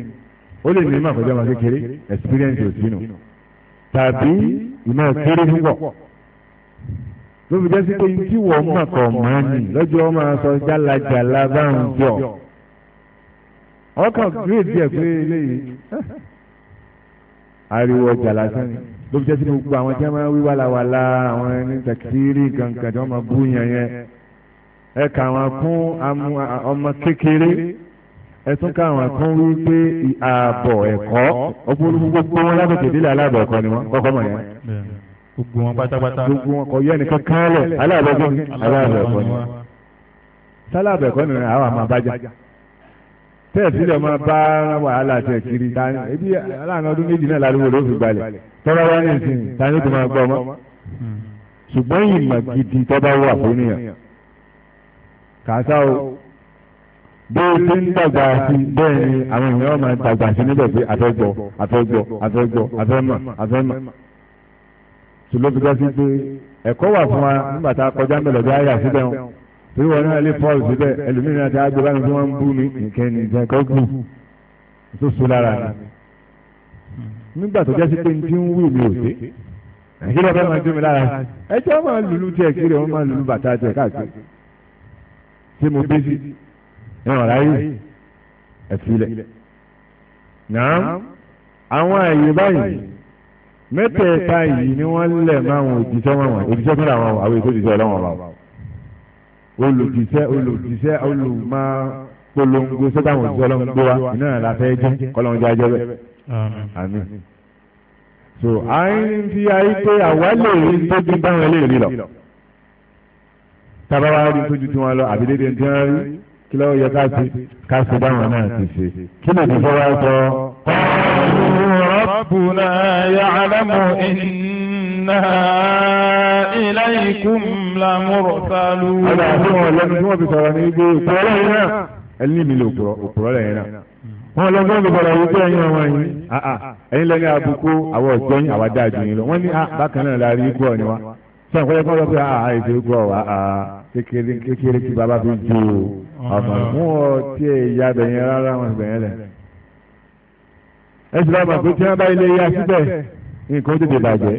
ó lè ní ìmọ̀ ọmọ kékeré experience òsínú tàbí ìmọ̀ kéré púpọ̀ ló fi jẹ́ sí pé tí wọ́n mọ̀ kọ̀ mọ́ ni lọ́jọ́ máa sọ jálajàla báwọn jọ ọkàn gírèdì ẹ̀ pé eléyìí ariwo ọjà lásán ni ló fi jẹ́ sínú gbogbo àwọn tí wọ́n máa ń wíwá làwàlà àwọn ẹni tẹkítírì kankan tí wọ́n máa bú yẹn yẹn ẹ kà wọ́n kún ọmọ kékeré ẹ tún kà wọ́n kún wípé ààbọ̀ ẹ̀kọ́ ọkùnrin gbogbo wọn lábẹ̀tẹ̀ délé aláàbọ̀ ẹ̀kọ́ ni wọ́n kọ́kọ́ mọ̀ yẹn gbogbo wọn pátápátá gbogbo wọn kò yẹ nìkan kálẹ̀ aláàbọ̀ ẹ̀kọ́ ni aláàbọ̀ ẹ̀kọ́ ni sálàbẹ̀ ẹ̀kọ́ ni àwọn àmọ́ abájá tẹ́ẹ̀sì lè máa bá wàhálà tẹ̀ kiri tani ebi aláàánú ọdún méjì náà ládùúgbò ló fi gbalẹ̀ tọ́lá wá ní ìsìn tani tó máa gbọ́ ọmọ. ṣùgbọ́n ìmọ̀ gidi tọ́ba wà fún nìyàn kàṣà o bí o ti ń dàgbà sí bẹ́ẹ̀ ni àwọn èèyàn máa dàgbà sí níbẹ̀ pé àfẹ́gbọ́ àfẹ́gbọ́ àfẹ́gbọ́ àfẹ́mọ̀ àfẹ́mọ̀ ṣùgbọ́n fi gbọ́ sí pé ẹ̀kọ́ wà fún wa nígbà tá a kọjá mẹ́lẹ̀ torí wọn náà lè paul síbẹ̀ ẹlòmíràn àti àgbẹ̀ báyìí tí wọ́n ń bú mi nìkẹ́ nìkẹ́ kọ́ gbù tó so lára mi nígbà tó jẹ́ sí pé ní ń wí mi ò dé nàìjíríà bẹ́ẹ̀ máa jó mi lára ẹjọ́ máa lùlù tiẹ̀ kiri wọ́n máa lùlù bàtà tiẹ̀ káàkiri tí mo bí sí ẹ̀rọ ráyè ẹ̀fílẹ̀ náà àwọn àyè báyìí mẹ́tẹ̀ẹ̀ta yìí ni wọ́n lẹ̀ máa wọn òjíṣẹ́ wọn òjíṣẹ́ fúnra wọn àwọn èso òjíṣẹ́ ọlọ́wọ́n wọn olùdíṣẹ́ olùdíṣẹ́ olùmọ polongo sẹ́tàwọn òṣìṣẹ́ ọlọ́run gbé wa iná la fẹ́ jẹ́ kọ́lọ́run jẹ́ ajẹ́ bẹ́ẹ̀. àmín. so à ń fi ayé pé àwa lè rí tójú báwọn eléyìí lọ tábà wá rí tójú tí wọn lọ àbí dédé tí wọn rí kí lọ́wọ́ yẹ ká ṣe ká ṣe báwọn náà ti ṣe kí lè fi fọwọ́ sọ. ọ̀rọ̀ bùnà ya'lamu ẹni inna ilaykum lamursalun. ọ̀dà fún wọn lẹ́nu tí wọ́n fi sọ̀rọ̀ ní ibi òkúrọ̀ lẹ́yìn náà ẹni mi lè òkúrọ̀ lẹ́yìn náà. wọ́n lọ fún ọgbọ̀n àwọn òkú ẹ̀yìn ọmọ yìí ẹ̀yìn lẹ́ni àbùkù àwọn ọ̀jọ́ yìí àwa dáa yín lọ. wọ́n ní bákan náà la rí ikú ọ̀ ni wa. sọ àkọ́yẹ́ kọ́ àà ètò ikú ọ̀ wa kékeré kí bàbá fi ju ọmọ mú ọ tí ẹ ya bẹ̀yẹn rárá wọn bẹ̀yẹn lẹ̀. ẹ sì bá bàbá tí wọ́n bá ilé ya síbẹ̀ nǹkan ó tètè bàjẹ́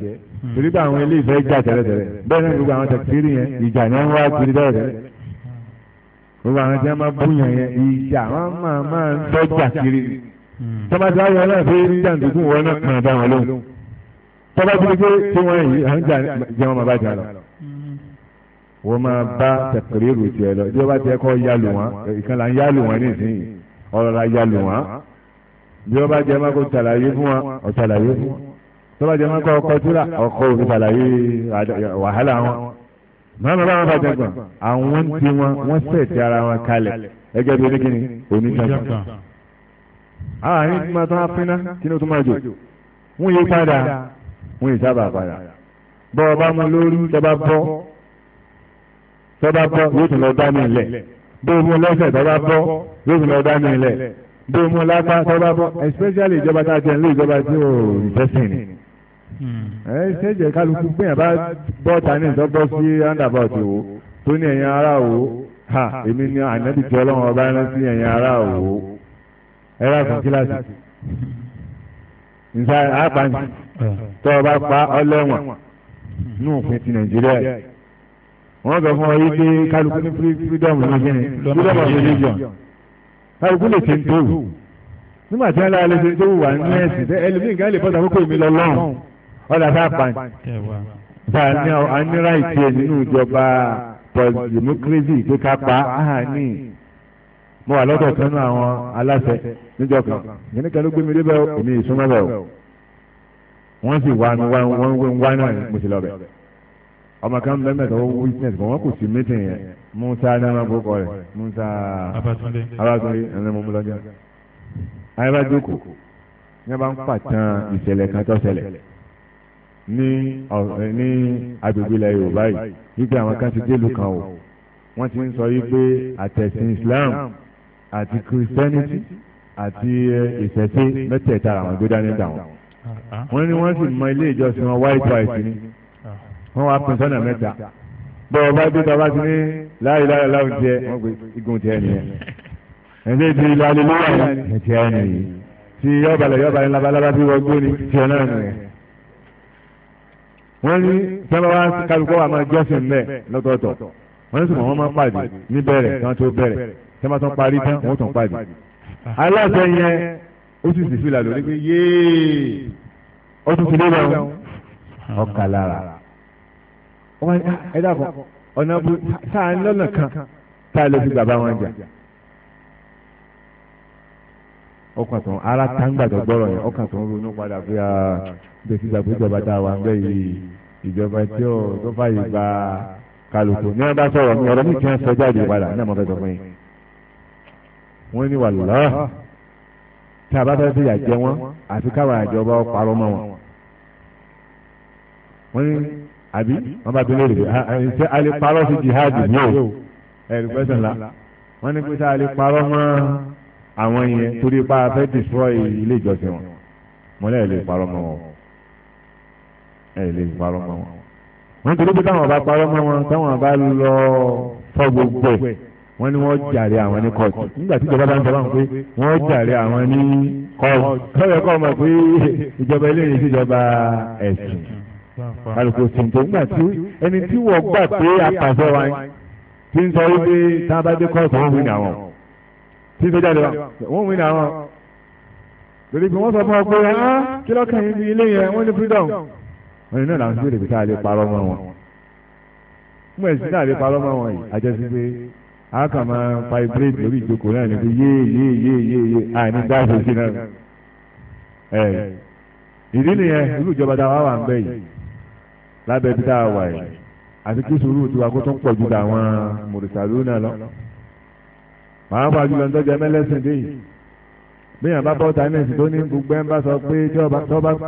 torí pé àwọn ilé ìfẹ́ jà tẹ́lẹ̀tẹ́lẹ̀ bẹ́ẹ̀ náà gbogbo àwọn tẹ̀síìrì yẹn ìjà ni wọ́n wá kiri tẹ́lẹ̀tẹ́lẹ̀ gbogbo àwọn tí wọ́n máa búyàn yẹn ìjà wọ́n máa máa ń tọ́jà kiri tọ́mátì ayọ̀ náà fi ń jàǹdùkú wọn náà kàn dá wọn lóhùn tọ́ba ti di pé tí wọ́n yìí à ń jà jẹ́ wọn máa bá jà lọ wọ́n máa bá tẹ̀kẹ̀rẹ́ èrò tiẹ̀ lọ bí wọ́n bá tiẹ̀ kọ́ yálù wọn ìkànnì yálù wọn nísìnyí ọ̀rọ̀ la yálù wọn bí wọ́n bá jẹ́ máa kó tàlàyé fún wọn ọ̀tàlàyé fún wọn tọ́ba jẹ́ mọ́kọ́ ọkọ̀ tíra ọkọ̀ òfin ṣàlàyé wàhálà wọn. màmá bá wọn bàjẹ́ gbọ̀n àwọn ń ti wọn wọ́n sẹ̀tì ara wọn kalẹ̀ ẹgbẹ́ bíi oníkìní oníjàgbọ̀n. àárín tí máa tán á pínná kí ni ó tún máa jò wọ́n yí padà wọ́n yí sábà padà. bọ́ ọba mu lórí tọ́ba bọ́ tọ́ba bọ́ yóò tún lọ dá mi lẹ̀ bó mu lọ́sẹ̀ tọ́ba bọ́ yóò tún lọ dá mi lẹ̀ bó mu lápá tọ́ba bọ́ especially ìjọba tá a jẹ́ ń lé ìjọba tí ò ń tẹ́sìn ni ẹ ṣe jẹ́ kálukú gbìyànjú bá bọ́ tani ìtọ́gbọ́ sí roundabout wo tó ní ẹ̀yin ará wo ha èmi ni ànábì tí ọlọ́run ọba rán sí ẹ̀yin ará wo ẹ rà fún kíláàsì nsa àpàǹtì tó o bá pa ọlẹ́wọ̀n ní òfin ti nàìjíríà wọ́n sọ fún ọ yí pé kálukú ní freedom ló ní freedom of religion kálukú lè ṣe ń tó wù nígbà tí wọ́n lé alẹ́ ṣe ń tó wù wá ní ẹ̀sìn ẹlòmíì nǹkan lè bọ́ sàkókò mi lọ lọ́rùn ọ̀dà sápàn ànírà ìtì ẹ̀ nínú ìjọba democracy tó kápá àhání mo wà lọ́dọ̀ kan náà àwọn aláṣẹ níjọ kan yẹn kan ló gbé mi débẹ̀ èmi ìsúnmọ́ bẹ̀ o wọ́n sì wá mi wọ́n ń wá náà mo sì lọ bẹ̀ ọmọ kan bẹ́ẹ̀ mẹ́ta wọ́n witness kan wọ́n kò sí meeting yẹn musa ní ọmọ àkókò rẹ̀ musa abatunde ẹni mo mú lọ́jọ́ ayé bá jókòó ní a bá ń pàtàn ìṣẹ̀lẹ̀ kan tó ní eh, ní agbègbè ilẹ̀ yorùbá yìí wípé àwọn kan ti délùú kan o wọ́n ti ń sọ wípé àtẹ̀sìn islam àti christianity àti eh, ìṣẹ̀ṣe mẹ́tẹ̀ẹ̀ta àwọn gbé dání dà wọ́n. wọ́n ní wọ́n sì mọ ilé ìjọsìn wọn white white ni wọ́n wá pín sọ́nà mẹ́ta bọ́ọ̀ bá dé tọ́ bá ti ní láyé láyé láwùn tiẹ̀ wọ́n pe igun tiẹ̀ nìyẹn ẹ̀ńdẹ́ ti ìlú alẹ́ lówà ní tiẹ̀ nìyí tí yọ̀bàlẹ̀ yọ̀bàlẹ̀ labalábá bí wọ́n gbó ni tiẹ̀ náà nìyẹn wọ́n ní sábà wá kálukọ́ wa máa jọ́sìn mbẹ́ lọ́tọ̀ọ̀tọ̀ wọ́n ní sùnmọ́ wọn máa pàdé níbẹ̀rẹ̀ kan tó bẹ̀rẹ̀ sábà tán parí tán wọ́n tún pàdé. aláṣẹ yẹn ó sì sì fìlà lórí pé yéé ó tún ti lébẹ̀ wọn. ọkà lára ah, ẹ dàpọ̀ ọ̀nà sáà lọ́nà kan tá a lè fi bàbá wọn jà ọkàn tó ń ara táǹgbà tó gbọ́rọ̀ yẹn ọkàn tó ń ronú padà fi à bẹ́sí ìgbà pé ah, ìjọba tá a wà ń bẹ́ yìí ìjọba tí ó tó fàyè gba kálukú ní wọn bá sọ̀rọ̀ ní ọ̀rọ̀ mi kí wọn sọ jáde padà ní àmọ́ fẹ́ sọ fún yín. wọ́n ní wàlúùlá tí a bá fẹ́ fìyà jẹ wọn àfi káwọn àjọba parọ́ mọ́ wọn. wọ́n ní àbí wọ́n bá bí lórí ṣé alẹ́ parọ́ sí jihad ní o ẹ̀rù pẹ́sẹ̀ ńlá wọ́n ní pé sá alẹ́ parọ́ mọ́ àwọn yẹn torí pa fẹ́ destroy ilé ìjọsìn wọn mọ́lẹ́ ẹ̀ lè parọ́ mọ́ wọn ẹ̀ lè parọ́ mọ́ wọn. wọ́n torí pé táwọn bá parọ́ mọ́ wọn táwọn bá lọ fọ́ gbogbo ẹ̀ wọ́n ní wọ́n jàre àwọn ní kóòtù nígbà tí ìjọba bá ń sọ wọn pé wọ́n jàre àwọn ní kóòtù lọ́yọ̀ kọ́ mọ̀ pé ìjọba eléyìí sí ìjọba ẹ̀sìn kálukú sí tó nígbà tí ẹni tí wọ́n gbà pé apàṣẹ wa ti ń sọ wípé táwọn bá dé kóòtù wọn wí ní àwọn tí ìfẹ́ jáde wa wọ́n wí ní àwọn lórí pé wọ́n sọ fún ọ pé ah kí lọ́kàn yín bí ilé yẹn wọ́n ní freedom wọ́n ní náà làwọn sí èrèbí tá a lè parọ́ mọ́ wọn mú ẹ̀sìn náà lè parọ́ mọ́ wọn yìí àjẹsí pé a kàn máa vibrate lórí ìjókòó náà ní pé yéé yéé yéé yéé yéé àìní dáhùn sí náà ẹ̀ ìdí nìyẹn irú ìjọba tá a wá wà ń bẹ yìí lábẹ́ bí tá a wà yìí àti kí sùúrù tiwa kó tó ń pọ̀ ju tàwọn mùrìsàlú náà lọ pàápàá jùlọ nítorí ẹmẹlẹsìn dé yìí bí yàrá bá bọ́ tánẹ̀sì tó ní gbogbo ẹ̀ ń bá sọ pé tí ọba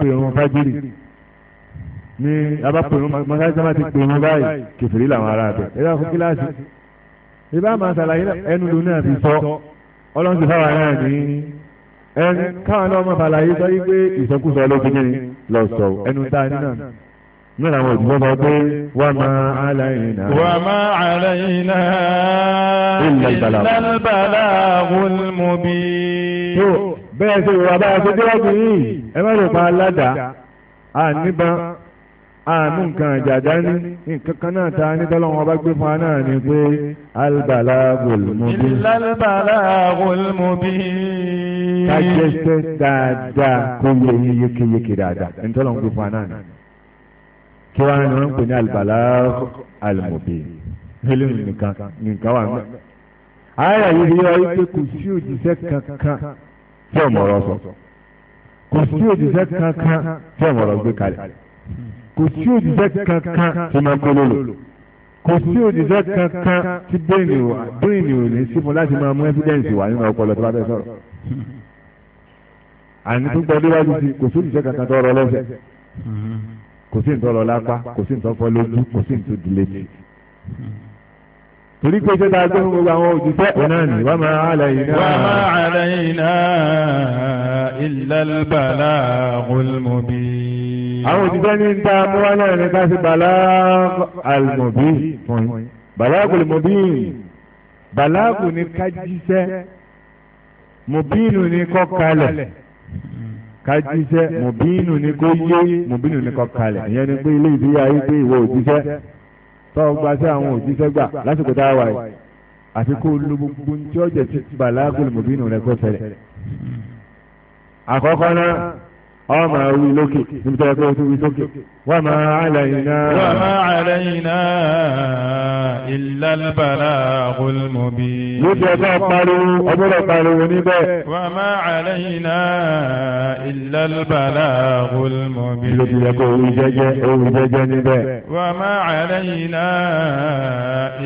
pè wọn fájìrì ní abápèrún mọ́sáàsì máa ti pè wọn báyìí kẹfìrí làwọn ará bẹ̀ ẹ bá fún kíláàsì ìbá máa ṣàlàyé ẹnu lòun náà fi sọ ọlọ́run ti fáwọn náà ní ẹnu káwọn náà máa ṣàlàyé sọ yí pé ìsọkúsọ ló ní lọ ẹnu tá a ní náà mẹ́rin àwọn وما علينا pé wà máa aláìná. wà máa aláìná. ilẹ̀ ìbàlá. bá a ṣe déwájú yìí ẹ má lè pa aládàá àníbá àánú nǹkan àjàdá ní nǹkan náà ta ní tọ́lọ́wọ́n ọba gbé fún wa náà ni pé albala olùmọ̀bí. albala olùmọ̀bí. ká jẹ́ sẹ́ dáadáa kó yẹ yékéyéké dáadáa ní tọ́lọ́wọ́n gbé fún wa náà ni kí wọ́n ní wọ́n ń pè ní albalagh almubin hélèmù nìkan nìkan wà mẹ́. àyà yìí rí wáyé pé kò sí òjíṣẹ́ kankan tí ọmọ ọ̀rọ̀ sọ kò sí òjíṣẹ́ kankan tí ọmọ ọ̀rọ̀ gbé kalẹ̀ kò sí òjíṣẹ́ kankan tí máa gbóló lò kò sí òjíṣẹ́ kankan tí bẹ́ẹ̀ni ò bẹ́ẹ̀ni ò ní sí fún láti máa mú ẹ́fídẹ́ǹsì wà nínú ọpọlọ tó bá fẹ́ sọ̀rọ̀ àní tó gbọdọ̀ wájú sí kò sí òjíṣẹ́ kankan tó ọ̀rọ̀ lọ́sẹ̀ kò sí ntọ́ lọ lápá kò sí ntọ́ fọ́ lójú kò sí ntọ́ dìlé ti. torí pé ṣé dáa fún gbogbo àwọn òjijẹ́ ọ̀nà ni wa ma alayna. wa ma alayna illa al-balagul mubin. àwọn òjijẹ́ ní ń ta amúwá náà ní ká sí balagul mubin fún yín balagul mubin balagul ní ká jíṣẹ́ mubinu ní kọ́ kájíṣẹ́ mùbínú ni kó yé mùbínú ni kó kalẹ̀ ìyẹn ni pé ilé ìdíyà yìí pé ìwọ òjíṣẹ́ tọ́wọ́ gba sí àwọn òjíṣẹ́ gbà lásìkò tá a wà yìí àti kó lu gbogbo tí ọ̀jẹ̀ ti bàlágùn mùbínú rẹ̀ kó fẹ̀rẹ̀. àkọ́kọ́ náà wọ́n máa wí lókè níbi tẹ́lẹ̀ tó wí sókè wa ma alayna. wa ma alayna illa al-balagul mubin. ló ti ọgbọ́n pariwo ọgbọ́dọ̀ pariwo níbẹ̀. wa ma alayna illa al-balagul mubin. ló ti yẹ kó wí jẹ́jẹ́ òwì jẹ́jẹ́ níbẹ̀. wa ma alayna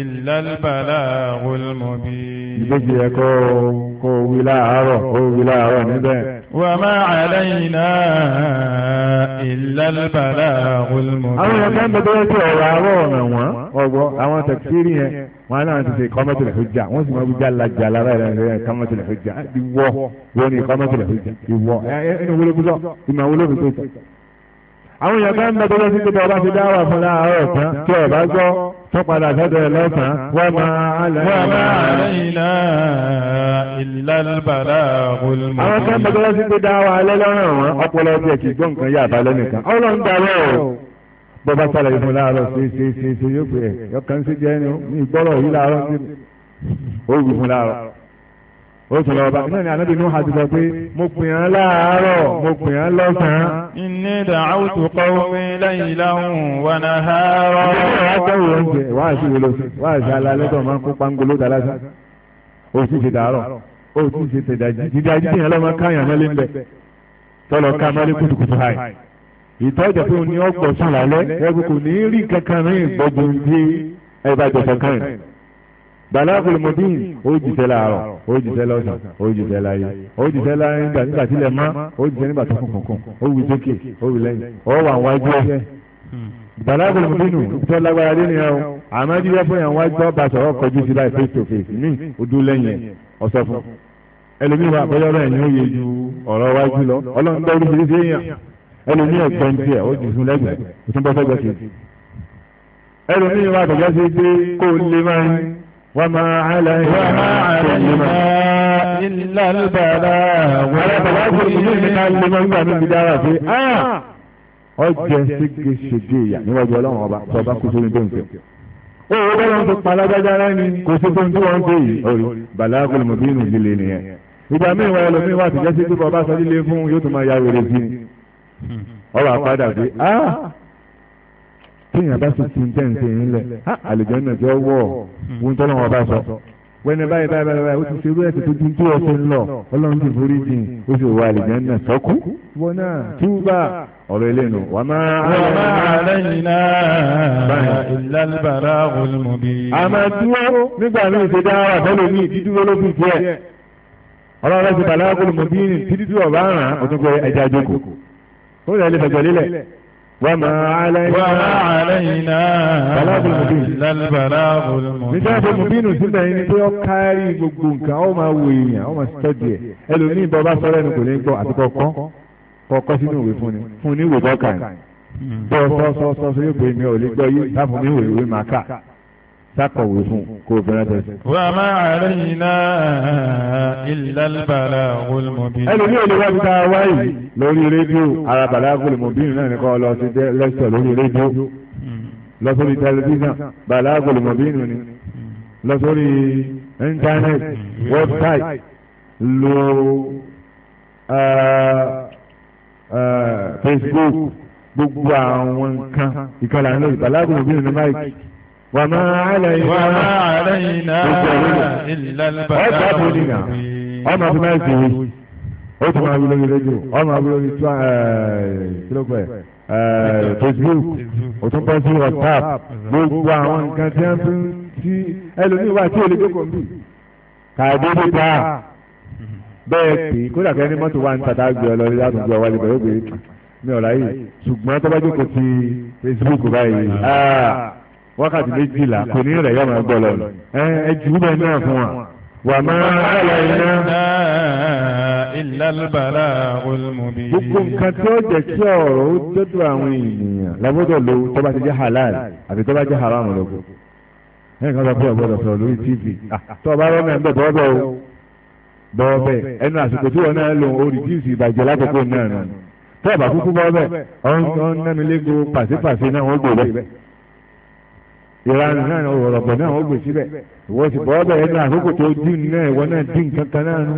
illa al-balagul mubin. ló ti yẹ kó wí láàárọ̀ kó wí láàárọ̀ níbẹ̀. وما علينا إلا البلاغ المبين àwọn ọ̀gá ń bẹ̀rẹ̀ tí ọ̀rọ̀ àárọ̀ ọ̀nà wọn ọgbọ́n àwọn tẹ̀kítírì yẹn wọn á náà ti ṣe kọ́mọ́tìlẹ̀ hujja wọ́n sì máa wí jàlájà lára ẹ̀rọ ẹ̀rọ kọ́mọ́tìlẹ̀ hujja ìwọ wọ́n ní kọ́mọ́tìlẹ̀ hujja ìwọ ẹni wọlébùsọ ìmọ̀ wọlébùsọ. àwọn ọ̀gá ń bẹ̀rẹ̀ tí ọ̀rọ̀ àti dáwà fún láàárọ̀ kan tí ọ̀rọ̀ gbọ́ tó padà sọ́dọ̀ ẹ̀ lọ́sàn-án wọ́n máa aláìlá ìlàlbàlá olùmọ̀. àwọn kan bẹ́ẹ̀ lọ́sí pé dá wa alẹ́ lọ́rùn àwọn ọpọlọ ọdún ẹ̀kí gbọ́ nǹkan yà balẹ̀ nìkan ọlọ́run darẹ̀ o bọ́bá sálẹ̀ yìí fún láàárọ̀ ṣe ṣe ṣe ṣe yóò pè é yọkàn sí jẹ́ ní ìgbọ́rọ̀ yìí láàárọ̀ sí òògùn fún láàárọ̀ ó tún lọ bá náà ni ànábì Nuhu ti sọ pé mo pè án láàárọ̀ mo pè án lọ́sàn-án. inni da'awtu qawmi laylan wa nahara. wàá tẹ̀wé oúnjẹ wàá sí wọlé wàá sí alalẹ́ tó máa ń kó pangolo dá lásán ó sì ṣe dàárọ̀ ó sì ṣe tẹ̀dájí dídájí yẹn lọ́mọ káyàn mọ́lé ń bẹ̀ tọ́lọ ká mọ́lé kùtùkùtù háì. ìtọ́jà pé ní ọ̀pọ̀ sùn lálẹ́ ẹ balagul mubin ó jìṣẹ́ láàárọ̀ ó jìṣẹ́ lọ́sàn ó jìṣẹ́ láyé ó jìṣẹ́ láyé nígbà nígbà tí ilẹ̀ mọ́ ó jìṣẹ́ nígbà tó kùnkùn ó wí sókè ó wí lẹ́yìn ó wà wájú ẹ̀ balagul mubin tó lágbára dé nìyẹn o àmọ́ jíjẹ́ fún yàn wájú ọba sọ̀rọ̀ kọjú sí láì face to face mí ojú lẹ́yìn ọ̀sẹ̀ fún ẹlòmíì wà bọ́yọ̀ rẹ̀ ni ó yẹ ju ọ̀rọ̀ wájú lọ ọlọ́run tó oríṣiríṣi èèyàn ẹlòmíì ẹ̀gbọ́n tiẹ̀ ó jù fún lẹ́gbẹ̀ẹ́ ìtúbọ̀sọ̀gbẹ̀sẹ̀ ẹlòmíì wà tọ́jọ́ sí pé kó o lè máa ń وما علينا وما علينا إلا البلاغ ولا بلاغ المؤمن لمن بقى من بداية في آه ọjẹ ṣége ṣége ìyà níwájú Ọlọ́run ọba tọba kó sórí tó ń fẹ́. ó wọ́n bá wọn tó pala dáadáa ní kò sí tó ń tó wọn fẹ́ yìí orí balaagul mubinu líle nìyẹn. ìgbà míì wáyé lómi wà tìjẹ́ sí pípa ọba sọ líle fún yóò tún máa ya wèrè sí i. ọba padà pé ah téèyàn bá sì ti ń tẹ̀sí yín lẹ̀ àlejò náà jọ wọ̀ wọ́n hmm. tọ́lọ́ wọn bá sọ. Hmm. wẹ́n báyìí báyìí báyìí ó ti ṣe irú ẹ̀sìn tó dún tó ọ̀sẹ̀ ń lọ ọlọ́run ti forí jìn ó sì wọ àlejò náà sọ́kù. wọn náà túbà ọ̀rọ̀ eléyìí nù. wà á máa àlẹ́yìn náà ìlàlùbàrà olùmọ̀bí. àmọ́ dúró nígbà míì ṣe dá wà fẹ́lẹ̀ ní ìdídúró ló fi jẹ́ ọlọ́run ti bàlá olùmọ̀bí títí tí ọ̀ وما علينا وما علينا بلاغ المبين لا البلاغ المبين nígbà tó mubin ò sílẹ̀ yìí ni pé ó kárí gbogbo nǹkan ó máa wo èèyàn ó máa sọ́dì ẹ̀ ẹlòmíì bọ́ bá sọ́rọ́ ẹni kò ní gbọ́ àti kọ́kọ́ kọ́kọ́ sínú ìwé fún ni fún ní ìwé bọ́ọ̀kà ni hmm. bọ́ọ̀ sọ́ọ́sọ́ọ́sọ́ yóò pè mí ò lè gbọ́ yìí láfún mi ìwé ìwé màkà sákọ̀wé fún kó o bẹ̀rẹ̀ tẹ̀sí. wà á máa rẹ̀ yìí náà illa al-balagul mubin. ẹlòmí ò lè wá bí táwa wáyé lórí rédíò ara balagul mubin náà ní kọ́ lọ sí lẹ́sítọ̀ lórí rédíò lọ sórí tẹlifíṣàn balagul mubin ni lọ sórí íńtánẹ́ẹ̀tì wẹ́bsáìtì lo eh, eh, Facebook gbogbo àwọn nǹkan ìkànnì àná ìbàlágùn mubin ní máìkì wàmà àlẹ́yìnà ilẹ̀ alùpàdà ọ̀dà bòdìgà ọmọ bí máa zèwé ó tún máa wílé rédíò ọmọ bí lórí tí kílógbẹ facebook ó tún bọ́ sí whatsapp gbogbo àwọn nǹkan tí wọ́n fi ń tí ẹlòmíì wà tí ò lè jókòó ń bì kàdébí ta bẹ́ẹ̀ pé kódà kẹ́ni mọ́tò wa ń tata gbé ọ lọ sí àtúntò ọ̀wá ìbẹ̀rẹ̀ ògbé mi ò ráyè ṣùgbọ́n tó bá jókòó ti facebook báyìí wákàtí méjìlá kò ní rẹ̀ yọ̀ máa gbọ́ lọ ni ẹ jù bẹ́ẹ̀ náà fún wa. wà á máa rẹ̀ iná. ìlàlùbàrà olùmọ̀bí. gbogbo nǹkan tí ó jẹ́ kí ọ̀rọ̀ ó dọ́dọ̀ àwọn ènìyàn lábọ́dọ̀ ló tó bá ti jẹ́ halal àti tó bá jẹ́ haram lọ́gbọ̀. ẹ kàn sọ pé ọ̀gbọ́dọ̀ sọ̀rọ̀ lórí tv tó o bá rọ́ mẹ́ńbẹ́ bẹ́ẹ̀ o bọ́ bẹ́ẹ̀ ẹnu àsìkò tí wọn náà lò ó rìdíùsì ìbàjẹ́ lákòókò náà nù tó o bá kúkú bọ́ bẹ́ẹ̀ ọ̀n nánilégún pàṣípàṣí náà wọ́n gbò bẹ́ẹ̀ ìranù náà ní ọ̀rọ̀bọ̀ náà ó gbè síbẹ̀ ìwọ sì bọ́ bẹ̀rẹ̀ ní àkókò tó dín náà ìwọ náà dín kankan náà nù.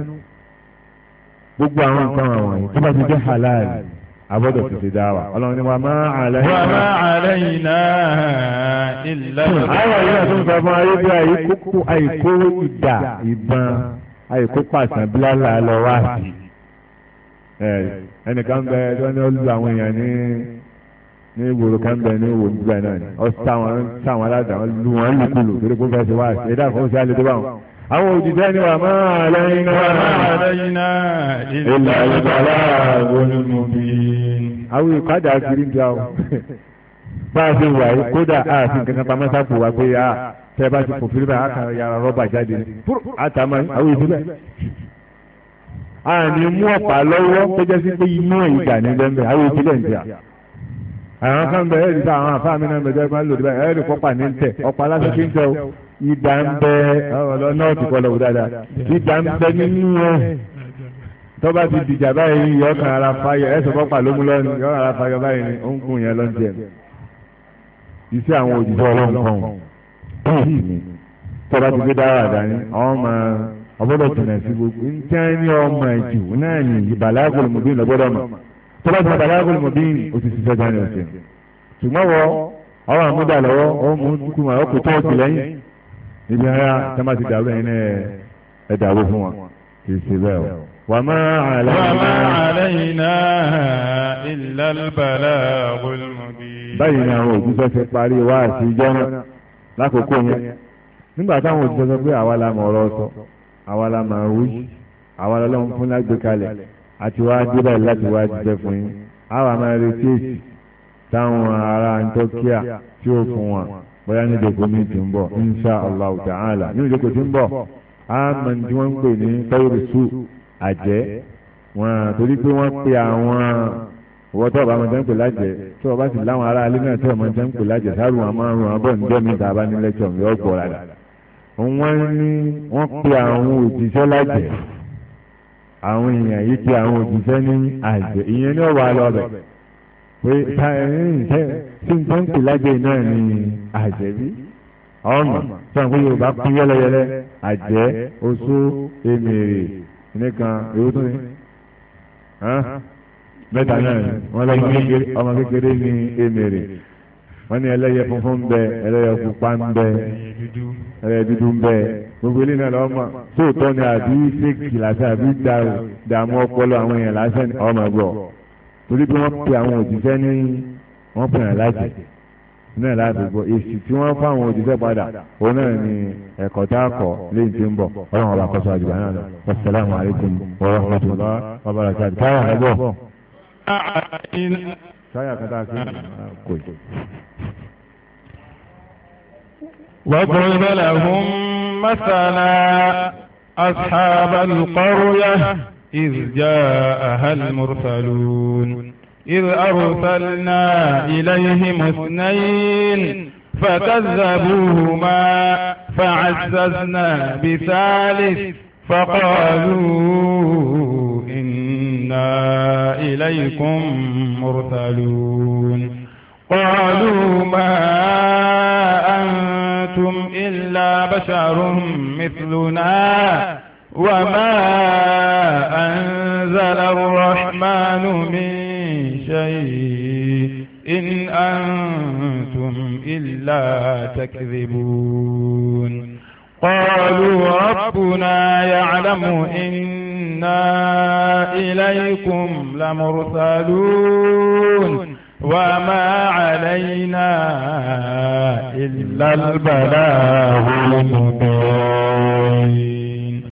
gbogbo àwọn nǹkan àwọn yìí tó bá ti jẹ́ halal abọ́dọ̀ ti ti dá wa ọlọ́run ni wa máa àlẹ́ yìí. wa máa àlẹ́ hmm. yìí náà ilẹ̀. àwọn yìí náà tó ń sọ fún ayé bí àìkókó àìkó ìdà ìbọn àìkó pàṣán bílálà lọ wá sí. ẹnìkan bẹ tí wọ́n ó lu àwọn èèyàn ní ní ìgboro kánbẹ ní ìwò nígbà náà ni ọ sáwọn sáwọn aládàá lu wọn Kulu. torí kó fẹsẹ̀ wá àṣẹ ẹ̀dá kan sí alẹ́ tó bá wọn. àwọn òjijì ni wà máa lẹ́yìn náà ìlà ìbàlá olùmọ̀bí. àwọn ìpàdé àṣírí ń ga o bá a ṣe wà yìí kódà a sì ń kankan pamọ́ sápò wa pé a ah, tẹ́ bá ti fòfin bá a kan yàrá rọ́bà jáde ní àtàmọ́ àwọn ìṣúná àní mú ọ̀pá lọ́wọ́ tó sí pé imú ìgbà ní lẹ́mẹ̀ àwọn ìṣúná ìjà àwọn kan bẹ ẹ̀rí sọ àwọn àfáà mi náà bẹ̀rẹ̀ máa ń lò díbẹ̀ ẹ̀rí kọ́pà ní tẹ̀ ọ̀pá lásán kí n tẹ̀ o ìdá ń bẹ nọ́ọ̀tì kọ́ lọ́wọ́ dáadáa ìdá ń bẹ nínú ẹ̀ tọ́ba ti dìjà báyìí yọ ọkàn ara fayọ ẹ̀sọ̀ kọ́pà ló mú lọ́nu yọ ara fayọ báyìí ni ó ń gùn yẹn jẹ iṣẹ́ àwọn òjijì ọlọ́nkàn báyìí ni tọ́ba ti gbé dára dání ọmọ ọgbọ́dọ̀ tẹ̀lẹ̀ sí gbogbo ní tọ́lá ti bàtà láàgùn mọ̀bíìn òtítì sẹ́jà ní ọ̀sẹ̀ ṣùgbọ́n wọ ọ̀rọ̀ àmúdà lọ́wọ́ ọmọ dúkú mà ọkọ̀ tọ́ọ̀sì lẹ́yìn ibi ara tẹ́lá ti dàrú ẹ̀yin ẹ̀ dàrú fún wọn kì í ṣe bẹ́ẹ̀ o. wàmà àlẹ́yìnà ìlàlùbàlà ọ̀gọ́lùmọ̀bíìn. báyìí ni àwọn òjíṣẹ́ ti parí wá àti ìjọ náà lákòókò yẹn nígbà táwọn òjíṣẹ́ sọ pé àwa la mọ̀ ọ̀rọ̀ àti wá débẹ̀ láti wá jíjẹ fún yín àwa máa retí èsì táwọn ará Antiochia tí ó fún wọn bóyá ní ìdòkó mi ti ń bọ̀ insha allah ta'ala ní ìdòkó ti ń bọ̀ a máa tí wọ́n ń pè ní tọ́wọ́rìsù àjẹ́ wọn torí pé wọ́n pe àwọn wọ́n tọ́ ọba ọmọdé ń pè lájẹ́ tí ọba sì láwọn ará alẹ́ náà tí ọmọdé ń pè lájẹ́ sáré wọn máa ń rún abọ́ níjọ́ mi tá a bá ní lẹ́tọ̀ mi ọ̀gbọ̀n rárá wọ́n ní wọ́n pe àwọn òjíṣẹ́ lájẹ́ àwọn èèyàn yìí pé àwọn òjíṣẹ́ ní àjẹ́ ìyẹn ní ọ̀wà lọ́bẹ̀ pé tí n tán pèlájẹ náà ní àjẹ́ bí ọmọ tí wọn kó Yorùbá pín yẹlẹyẹlẹ àjẹ́ oṣù emèrè nìkan èwo tó ní mẹ́ta náà wọn lọ ọmọ kékeré ní emèrè wọ́n ní ẹlẹ́yẹ funfun ń bẹ ẹlẹ́yẹ pupa ń bẹ ẹlẹ́yẹ dúdú ń bẹ gbogbo eléyìí náà lọ́mọ sóòtọ́ ni àbí fèkì lásán àbí dààmú ọpọlọ àwọn èèyàn lásán ọmọ gbọ́ torí bí wọ́n pe àwọn òjíṣẹ́ ní wọ́n pè hàn láti náà láti gbọ́ èsì tí wọ́n fún àwọn òjíṣẹ́ padà òun náà ni ẹ̀kọ́ tá a kọ̀ léyìí tí ń bọ̀ ọlọ́run ọba kọ́sọ́ àjùbá náà lọ wasalaamu alaykum wa rahmatulah wa barakatuh káyà kan bọ̀ káyà kan tá a kí kò yìí. واضرب لهم مثلا أصحاب القرية إذ جاءها المرسلون إذ أرسلنا إليهم اثنين فكذبوهما فعززنا بثالث فقالوا إنا إليكم مرسلون قالوا ما أنت أنتم إلا بشر مثلنا وما أنزل الرحمن من شيء إن أنتم إلا تكذبون قالوا ربنا يعلم إنا إليكم لمرسلون وما علينا إلا البلاغ المبين